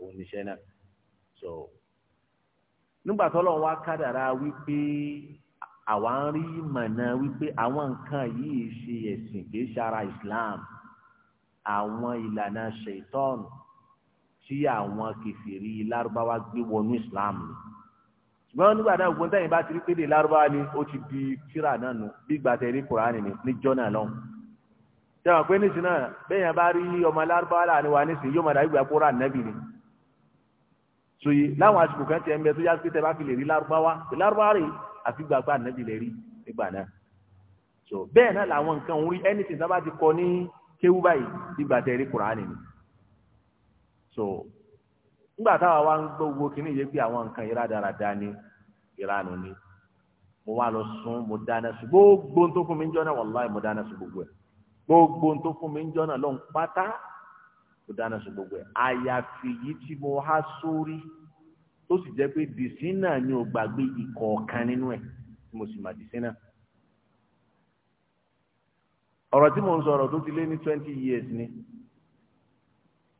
òun níṣẹ́ náà so nígbà tó lọ́wọ́ wá kádàrá wípé àwa ń rí mọ̀nà wípé àwọn nǹkan yìí ṣe ẹ̀sìn kì í ṣara Islam àwọn ìlànà ṣètọ́nù tí àwọn kẹfìrí lárúbáwá gbé wọnú Islam ni ṣùgbọ́n nígbà náà gbọ́n tẹ̀yìn bá ti rí pédè lárúbáwá ni ó ti di kíra náà nù bí gbàtẹ́ rí kùránì ni níjọ́ náà lọ́hùn tẹ̀wọ̀n pé nísìnyí náà bẹ́ẹ̀ yẹn bá rí ọmọ lárúbáwá láàrin wa nísìnyí yóò máa dàgbà kóra nẹ́bì ni ṣòye láwọn àsìkò kan tiẹ̀ ń bẹ tó yá pé tẹ bá fi lè rí lárúbáwá lárúbáwá rèé àfi gbàgbà ànábì lè rí nígbà so bẹ́ẹ̀ náà làwọn nǹkan nwuri rí anything tá bá ti kọ ní kéwú báyìí nígbà rí so nígbà táwa wá ń gbọ́ gbogbo kínní yé bí àwọn nǹkan yìí ni ìranu ni mo wá lọ mo dáná gbogbo tó fún mi ń jọ́nà wàláì mo dáná gbogbo gbogbo tó fún mi ń lọ́n pátá mo dáná o sì jẹ́ pé disina ni ò gbàgbé ìkọ̀ọ̀kan nínú ẹ̀ tí mo sì mà ọ̀rọ̀ tí mo ń sọ ti lé ní twenty years ni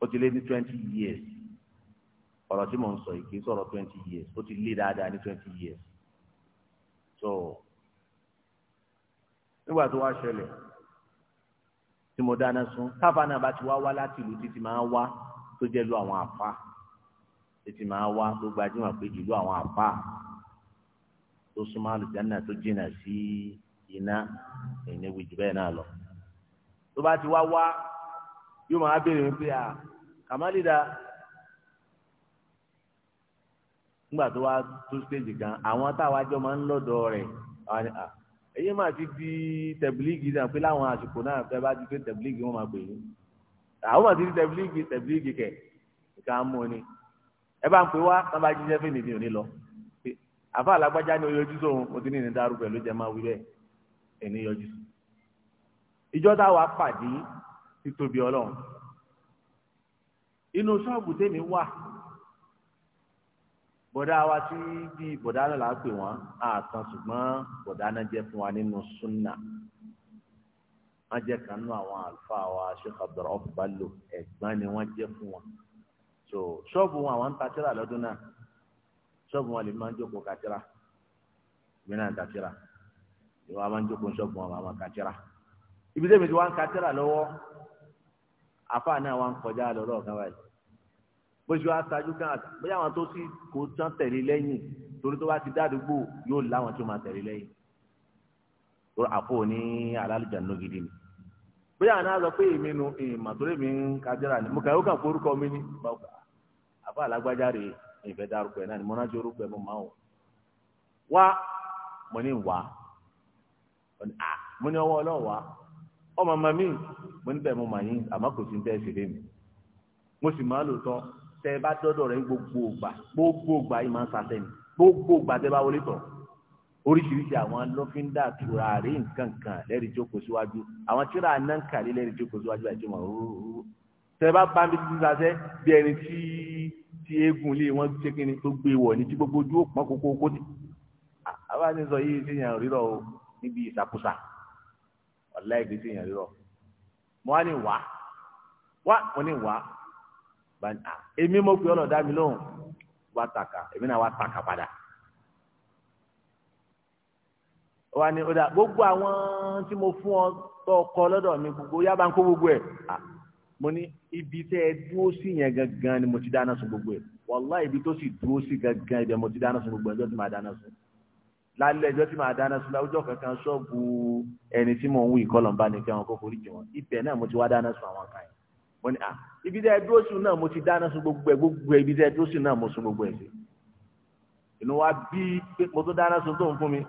ó ti lé ní twenty years ọ̀rọ̀ tí mo ń sọ yìí twenty years ó ti lé dáadáa ní twenty years so nígbà tó wá ṣẹlẹ̀ tí mo dáná sun táfà náà bá ti wá wá láti ìlú títí máa ń wá tó jẹ́ lu àwọn àfa ètì máa wá tó gbajúmọ̀ pé ìlú àwọn àpá tó súnmọ́ àlùjáná tó jìnnà sí iná ẹ̀yìn ewu jù bẹ́ẹ̀ náà lọ. tó bá ti wá wá yóò máa béèrè wípé à kàmálìdá nígbà tó wá tó stéèjì gan àwọn táwa jọ máa ń lọ́dọ̀ rẹ̀ èyí máa ti di tẹ̀bílíìgì náà pé láwọn àsìkò náà fẹ́ bá ti pé tẹ̀bílíìgì wọn máa pè é àwọn máa ti di tẹ̀bílíìgì tẹ̀bílíìgì kẹ̀ nǹkan á mú ni ẹ bá ń pè wá tán bá jíjẹ́ fún mi mi lọ àfa alágbájá ni oyojú sóhun mo ti ní ìní dárú pẹ̀lú jẹ́ máa wí bẹ́ẹ̀ ẹni yọjú sí ìjọ táwa pàdé títóbi ọlọ́run inú ṣọ́ọ̀bù tèmi wà bọ̀dá wa tí bí bọ̀dá náà là pè wọ́n àtàn ṣùgbọ́n bọ̀dá náà jẹ́ fún wa nínú súnà wọ́n jẹ́ kan àwọn àlùfáà wa Sheikh Abdulrauf Bello ẹ̀gbọ́n ni wọ́n jẹ́ fún wọn so ṣọ́ọ̀bù wọn àwọn ń ta tírà lọ́dún náà ṣọ́ọ̀bù wọn lè máa ń jókòó ka tírà ìbí náà ń ta tírà ìwọ àwọn ń jókòó ṣọ́ọ̀bù wọn àwọn ka tírà ibi tẹ́mi tí wọ́n ń ka tírà lọ́wọ́ àfa náà wọ́n ń kọjá lọ́rọ̀ kan báyìí bó ṣe wá ṣáájú kan bóyá àwọn tó sì kó tán tẹ̀lé lẹ́yìn torí tó bá ti dádúgbò yóò láwọn tó máa tẹ̀lé lẹ́yìn torí àpò ní alálùjánu gidi ni bóyá àwọn náà sọ pé èmi nu ìmọ̀ torí mi ń ka ni mo kà ó kà forúkọ mi ní báwo kà á àfa alágbájá rèé ìfẹ́ dárúkọ ẹ̀ náà ni mo rántí orúkọ ẹ̀ mo máa wò wá mo ní wá mo ní ọwọ́ ọlọ́wà ọmọ ọmọ mi mo ní bẹ́ẹ̀ mo mà yín àmọ́ kò sí ní tẹ́ ẹ ṣe lé mi mo sì máa lò tán tẹ ẹ bá dọ́dọ̀ rẹ̀ gbogbo ògbà gbogbo ògbà yìí máa ń sasẹ́ ni gbogbo ògbà tẹ bá wọlé tọ̀ oríṣiríṣi àwọn lọ́fíńdà tùràrí nǹkan kan lẹ́rìí jókòó síwájú àwọn tíra náà ń lẹ́rìí jókòó síwájú àti ìmọ̀ rúurú tẹ́lẹ̀ bá bá mi ti sàṣẹ́ bí ẹni tí tí eégún lé wọn ṣe kí ni tó gbé wọ̀ ní tí gbogbo ojú ó pọ́n kókó kó ní. àwa ní sọ yìí ṣe yàn rírọ̀ o níbi ìṣàkóso ọ̀la ìgbé ṣe yàn rírọ̀ mo wá ní wá wá mo ní wá èmi mo pè ọ̀nà dá mi lóhùn wá tàkà èmi náà wá tàkà padà. wá ní ọ̀dà gbogbo àwọn tí mo fún ọ tó kọ lọ́dọ̀ mi gbogbo yá bá ń kó gbogbo ẹ̀ mo ní ibi tẹ́ ẹ dúró sí yẹn gangan ni mo ti dáná sun gbogbo ẹ̀ wàlá ibi tó sì dúró sí gangan ibẹ̀ mo ti dáná sun gbogbo ẹjọ́ tí màá dáná sun lálẹ́ ẹjọ́ tí màá dáná sun láwùjọ kankan ṣọ́ọ̀bù ẹni tí mò ń wí ìkọlọ̀mbá ni kẹ́wọn kó forí jì wọ́n ibẹ̀ náà mo ti wá dáná sun àwọn kan yẹn mo ní à ibi tẹ́ ẹ dúró sí náà mo ti dáná sun gbogbo ẹ̀ gbogbo ibi tẹ́ ẹ dúró sí náà mo sun gbogbo ẹ̀ sí inú wa bí mo tó dáná sun tó ń fún mi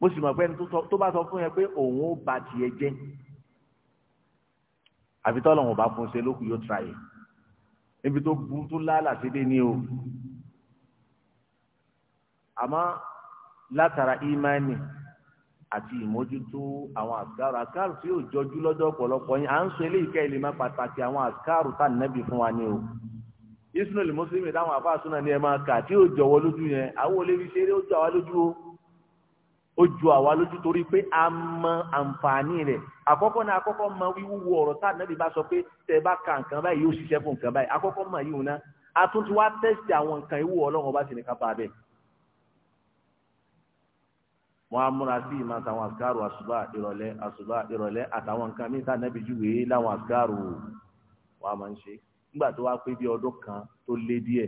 mo sì mọ̀ pé ẹni tó bá sọ fún yẹn pé òun ó ba tiẹ̀ jẹ́ àfi tọ́lọ̀ wọn bá fún un ṣe lókun yóò tra yìí níbi tó bu tó lálàsí dé ní o àmọ́ látara ìmánì àti ìmójútó àwọn àsikáàrù àsikáàrù tí yóò jọjú lọ́jọ́ ọ̀pọ̀lọpọ̀ yín à ń sọ eléyìí ká ilé má pàtàkì àwọn àsikáàrù tá nẹ́bí fún wa ní o ismail muslim táwọn afáàsúná ni ẹ máa kà tí yóò jọwọ́ lójú yẹn àwọn olè fi ṣeré ó jọ àwa lójú o ó ju àwa lójú torí pé a mọ àǹfààní rẹ̀ àkọ́kọ́ náà àkọ́kọ́ mọ wíwúwo ọ̀rọ̀ tá ànábì bá sọ pé tẹ bá ka nǹkan báyìí yóò ṣiṣẹ́ fún nǹkan báyìí àkọ́kọ́ mọ yìí wọn a tún ti wá tẹ́sítì àwọn nǹkan ìwú ọlọ́run ọba sì ní ká bá a bẹ̀. wọn á múra sí ìmọ̀ àtàwọn àṣìkárò àṣùbà ìrọ̀lẹ́ àṣùbà ìrọ̀lẹ́ àtàwọn nǹkan míì tá ànábì júwe láwọn àṣìkárò wọn a máa ń ṣe nígbà tó wá pé bí ọdún kan tó lé díẹ̀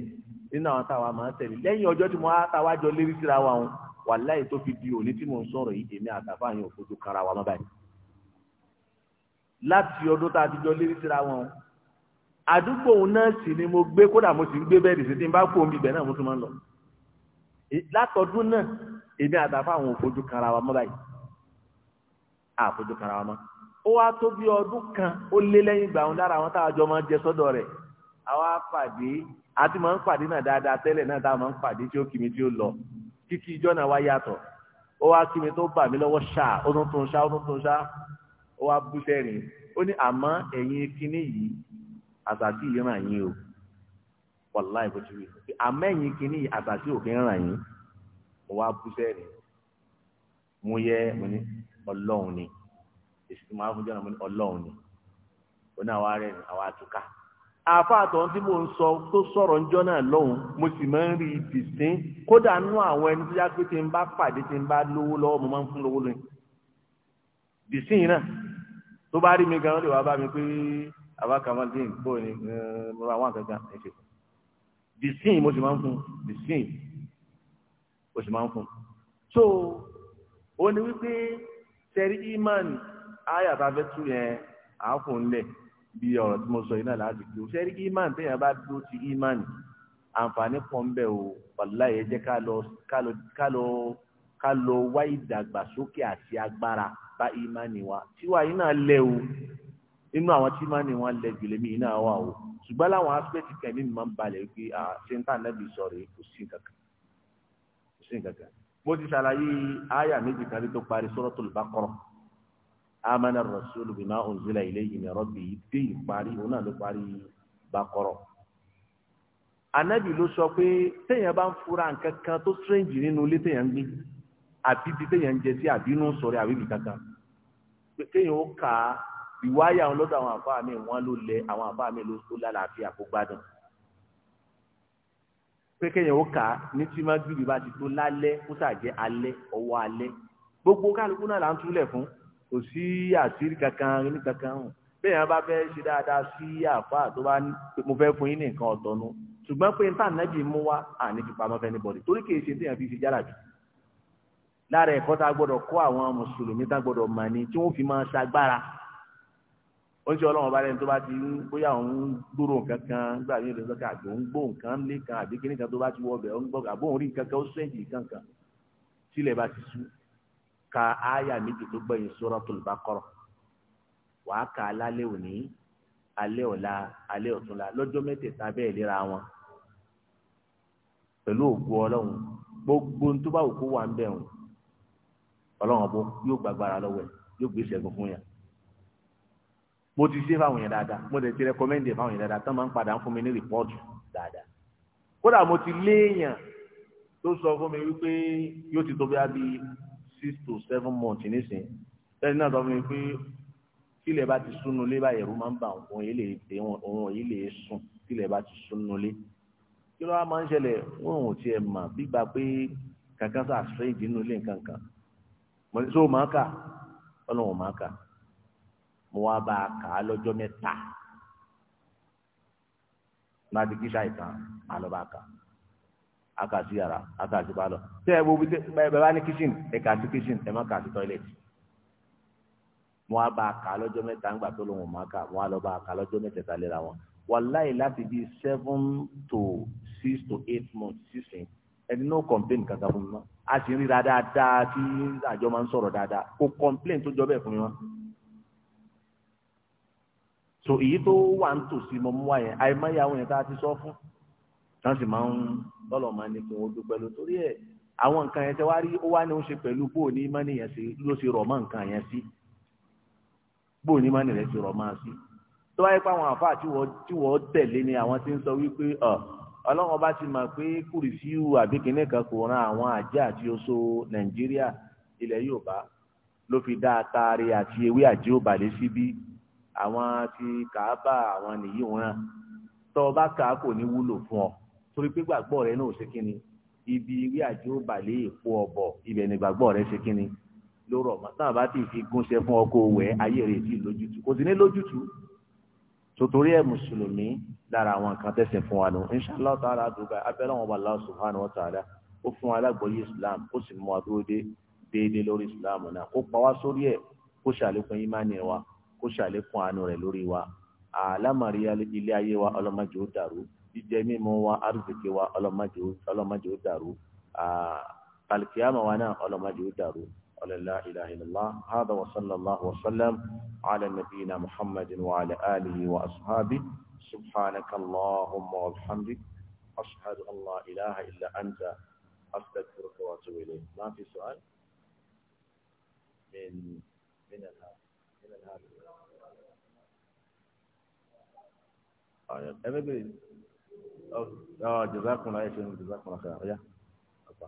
nínú àwọn táwa máa ń tẹ̀lé lẹ́yìn ọjọ́ tí mo á táwa jọ lérí síra wa wọn wàláyé tó fi di òní tí mò ń sọ̀rọ̀ yìí èmi àtàfà yẹn ò fojú kara wa mọ́ báyìí. láti ọdún tá a ti jọ lérí síra wọn àdúgbò òun náà sì ni mo gbé kódà mo sì ń gbé bẹ́ẹ̀ dìde tí n bá kó omi ibẹ̀ náà mo tún máa ń lọ. látọdún náà èmi àtàfà àwọn ò fojú kara wa mọ́ báyìí. a fojú kara wa mọ́. ó wá tó bí ọdún kan ó lé lẹ́yìn ìgbà òun lára àwọn táwọn jọ máa ń jẹ sọ́dọ̀ rẹ̀ àwa pàdé àti máa ń pàdé náà dáadáa tẹ́lẹ̀ náà táwọn máa ń pàdé tí ó kì mí tí ó lọ kíkí ìjọ náà wá yàtọ̀ ó wá kí mi tó bà mí lọ́wọ́ ṣá ó tún tún ṣá ó tún tún ṣá ó wá bú sẹ́rìn ó ní àmọ́ ẹ̀yin kínní yìí àtàkì yìí ràn yín o wàláì bó ti àmọ́ ẹ̀yin kínní yìí àtàkì òkè ràn yín mo wá bú sẹ́rìn mo yẹ mo ní ọlọ́run ni èsì tí mo máa fún jọ́nà mo ní ọlọ́run ni ó ní àwa rẹ̀ àwa àtúkà àfàtọ̀ tí mò ń sọ tó sọ̀rọ̀ ńjọ́ náà lọ́hùn mo sì máa ń rí i tì sí kódà nú àwọn ẹni tó yá pé tí n bá pàdé tí n bá lówó lọ́wọ́ mo máa ń fún lówó lóyún tì sí yìí náà tó bá rí mi gan lè wá bá mi pé àbá kamaldin bó ni mo ra àwọn àgbẹ̀gàn ẹ̀ ṣe tì sí yìí mo sì máa ń fún tì sí yìí mo sì máa ń fún so ó ní wípé sẹ́rí imán ayàtàfẹ́tù yẹn àáfò ńlẹ̀ bí ọ̀rọ̀ tí mo sọ yìí náà láti pé o ṣẹ́rí imán téèyàn bá dúró ti imán àǹfààní pọ̀ ń bẹ̀ o wàláyé ẹ jẹ́ ká lọ ká lọ ká lọ ká lọ wá ìdàgbàsókè àti agbára bá imán wa tiwa yìí náà lẹ o inú àwọn tí imán wọn lẹ jùlẹ mí yìí náà wà o ṣùgbọ́n láwọn aspect kan mi máa ń balẹ̀ pé ṣéńtà nàbì sọ̀rọ̀ kò sí kankan kò sí kankan mo ti ṣàlàyé àyà méjì kan tó parí Suratul Baqarah amana rasulu bima unzila ilayhi min rabbihi dé ìparí òun náà ló parí bakọrọ anabi ló sọ pé téèyàn bá ń fura nǹkan kan tó strange nínú ilé téèyàn ń gbé àbí ibi téèyàn ń jẹ sí àbínú sọ̀rọ̀ àbí ibi kankan téèyàn ó kà á ìwáyà àwọn lọ́dọ̀ àwọn àfáà mi wọ́n ló lẹ àwọn àfáà mi ló lálàáfíà kó gbádùn pé kéèyàn ó kà á ní tí má gbìbì bá ti tó lálẹ́ kó sàjẹ́ alẹ́ ọwọ́ alẹ́ gbogbo kálukú náà là ń túlẹ̀ fún kò sí àṣírí kankan ní kankan hàn bẹ́ẹ̀ yẹn bá fẹ́ ṣe dáadáa sí àfa tó bá ní mo fẹ́ fún yín ní nǹkan ọ̀tọ̀ nu ṣùgbọ́n pé níta nẹ́bì mú wá àní fi pamọ́ fẹ́ níbọ̀dì torí kì í ṣe téèyàn fi ṣe yára jù lára ẹ̀kọ́ tá a gbọ́dọ̀ kọ́ àwọn mùsùlùmí tá a gbọ́dọ̀ mà ní tí wọ́n fi máa ṣagbára ó ń ṣe ọlọ́run ọba lẹ́ni tó bá ti ń bóyá òun gbúrò nǹkan kan gbà mí lọ́sọ̀ ká àgbò ń gbó nǹkan lé kan àbí kíní kan tó bá ti wọ ọbẹ̀ ó ń gbọ́ àbóhùn rí nǹkan kan ó sẹ́ǹdì nǹkan kan sílẹ̀ bá ti sú ka aya méjì tó gbẹ̀yìn Suratul Baqara wàá kà á lálẹ́ òní alẹ́ ọ̀la alẹ́ ọ̀túnla lọ́jọ́ mẹ́tẹ̀ẹ̀ta bẹ́ẹ̀ léra wọn pẹ̀lú ògbó ọlọ́run gbogbo tó bá òkú wà ń bẹ̀ wọn ọlọ́run ọ̀bọ yóò gbàgbára lọ́wọ́ ẹ̀ yóò gbé ìṣẹ́gun fún yàn mo ti ṣe fáwọn yẹn dáadáa mo ti rẹ́kọ́mẹ́ndì fáwọn yẹn dáadáa tán máa ń padà fún mi ní rìpọ́ọ̀tù dáadáa kódà mo ti léèyàn tó sọ fún mi wípé yóò ti tó bí six to seven months nísìn lẹ́yìn náà lọ́wọ́ mi pé tílẹ̀ bá ti súnú lé báyìí ẹ̀rú máa ń bà òun yìí lè dé òun yìí lè sùn tílẹ̀ bá ti súnú lé kí ló wá máa ń ṣẹlẹ̀ wọn ò tiẹ̀ mà gbígbà pé kankan sà fẹ́ ìdínú lé nǹkan kan mo ní sọ máa kà ọlọ́run máa kà mo wá bá a kà á lọ́jọ́ mẹ́ta má kí ṣàìtàn má lọ́ bá a kà aka sí yàrá aka sí balọ̀ tẹ́ ẹ wo bẹ́ẹ̀ bá ní kitchen ẹ kà sí kitchen ẹ má kà sí toilet mo á bá a kà lọ́jọ́ mẹ́ta ńgbà tó lóun mọ̀ á mo á lọ bá a kà lọ́jọ́ léra wọn wàláyé láti bíi seven to six to eight months sísìn ẹni no complain kankan fún mi mọ́ a sì ń ríra dáadáa tí àjọ máa ń sọ̀rọ̀ dáadáa kò complain tó jọ bẹ́ẹ̀ fún mi mọ́ so èyí tó wà ń tòsí mọ́ mú wa yẹn àìmọye àwọn yẹn tá a ti sọ fún tá a sì máa ń tọ́lọ̀ máa ní kí wọ́n dúpẹ́ lọ torí ẹ̀ àwọn nǹkan yẹn tẹ́ wá rí ó wá ní ó ṣe pẹ̀lú bó ní mọ́nì yẹn sí ló ṣe rọ̀ mọ́ nǹkan yẹn sí bó ní mọ́nì rẹ̀ ṣe rọ̀ mọ́ sí tó wáyé pé àwọn àfa tí wọ́n tẹ̀lé ni àwọn ti ń sọ wípé ọlọ́run bá ti mọ̀ pé kùrìsíù àbí kinní kan kò ran àwọn àjẹ́ àti oṣó nàìjíríà ilẹ̀ yorùbá ló fi dá ataare àti ewé àjẹ́ òbàlẹ̀ síbí àwọn ti kàábà àwọn nìyí wọn tó o bá kà á kò ní wúlò fún ọ torí pé gbàgbọ́ rẹ náà ò ṣe kínni ibi ìwé àjò balẹ̀ èpo ọ̀bọ̀ ibẹ̀ ni gbàgbọ́ rẹ ṣe kínni lórọ̀ ọ̀mọ̀ táwọn bá ti fi gúnṣẹ́ fún ọkọ̀ òwẹ́ ayé rẹ̀ ti lójútu kò sí ní lójútu sotori ẹ mùsùlùmí lára àwọn nǹkan tẹ̀sìn fún wa nù inṣàlá ta'ala àdúgbà abẹ́rẹ́ wọn bá Allah subhanahu wa ta'ala ó fún wa lágbóyè islam ó sì mú wa dúró dé déédéé lórí islam náà ó pa wá sórí ẹ̀ kó ṣàlékún ìmánì wa kó ṣàlékún àánú rẹ̀ lórí wa àlámàrí ilé ayé wa ọlọ́mọdé ó dàrú jíjẹ mímu wa arúgbìkì wa ọlọ́mọdé ọlọ́mọdé ó dàrú alkiyama wa náà ọlọ́mọdé ó dàrú ọlọ́lá ìlàhìnlá hádà wasallallahu wasallam ala nabiyina muhammadin wa ala alihi wa ashabi subhanaka allahumma wa alhamdi ashhadu allah ilaha illa anta astaghfiruka wa atubu ilayk ma fi su'al min min al-hadi min al-hadi أنا أبدا اه جزاكم الله خير جزاكم الله خير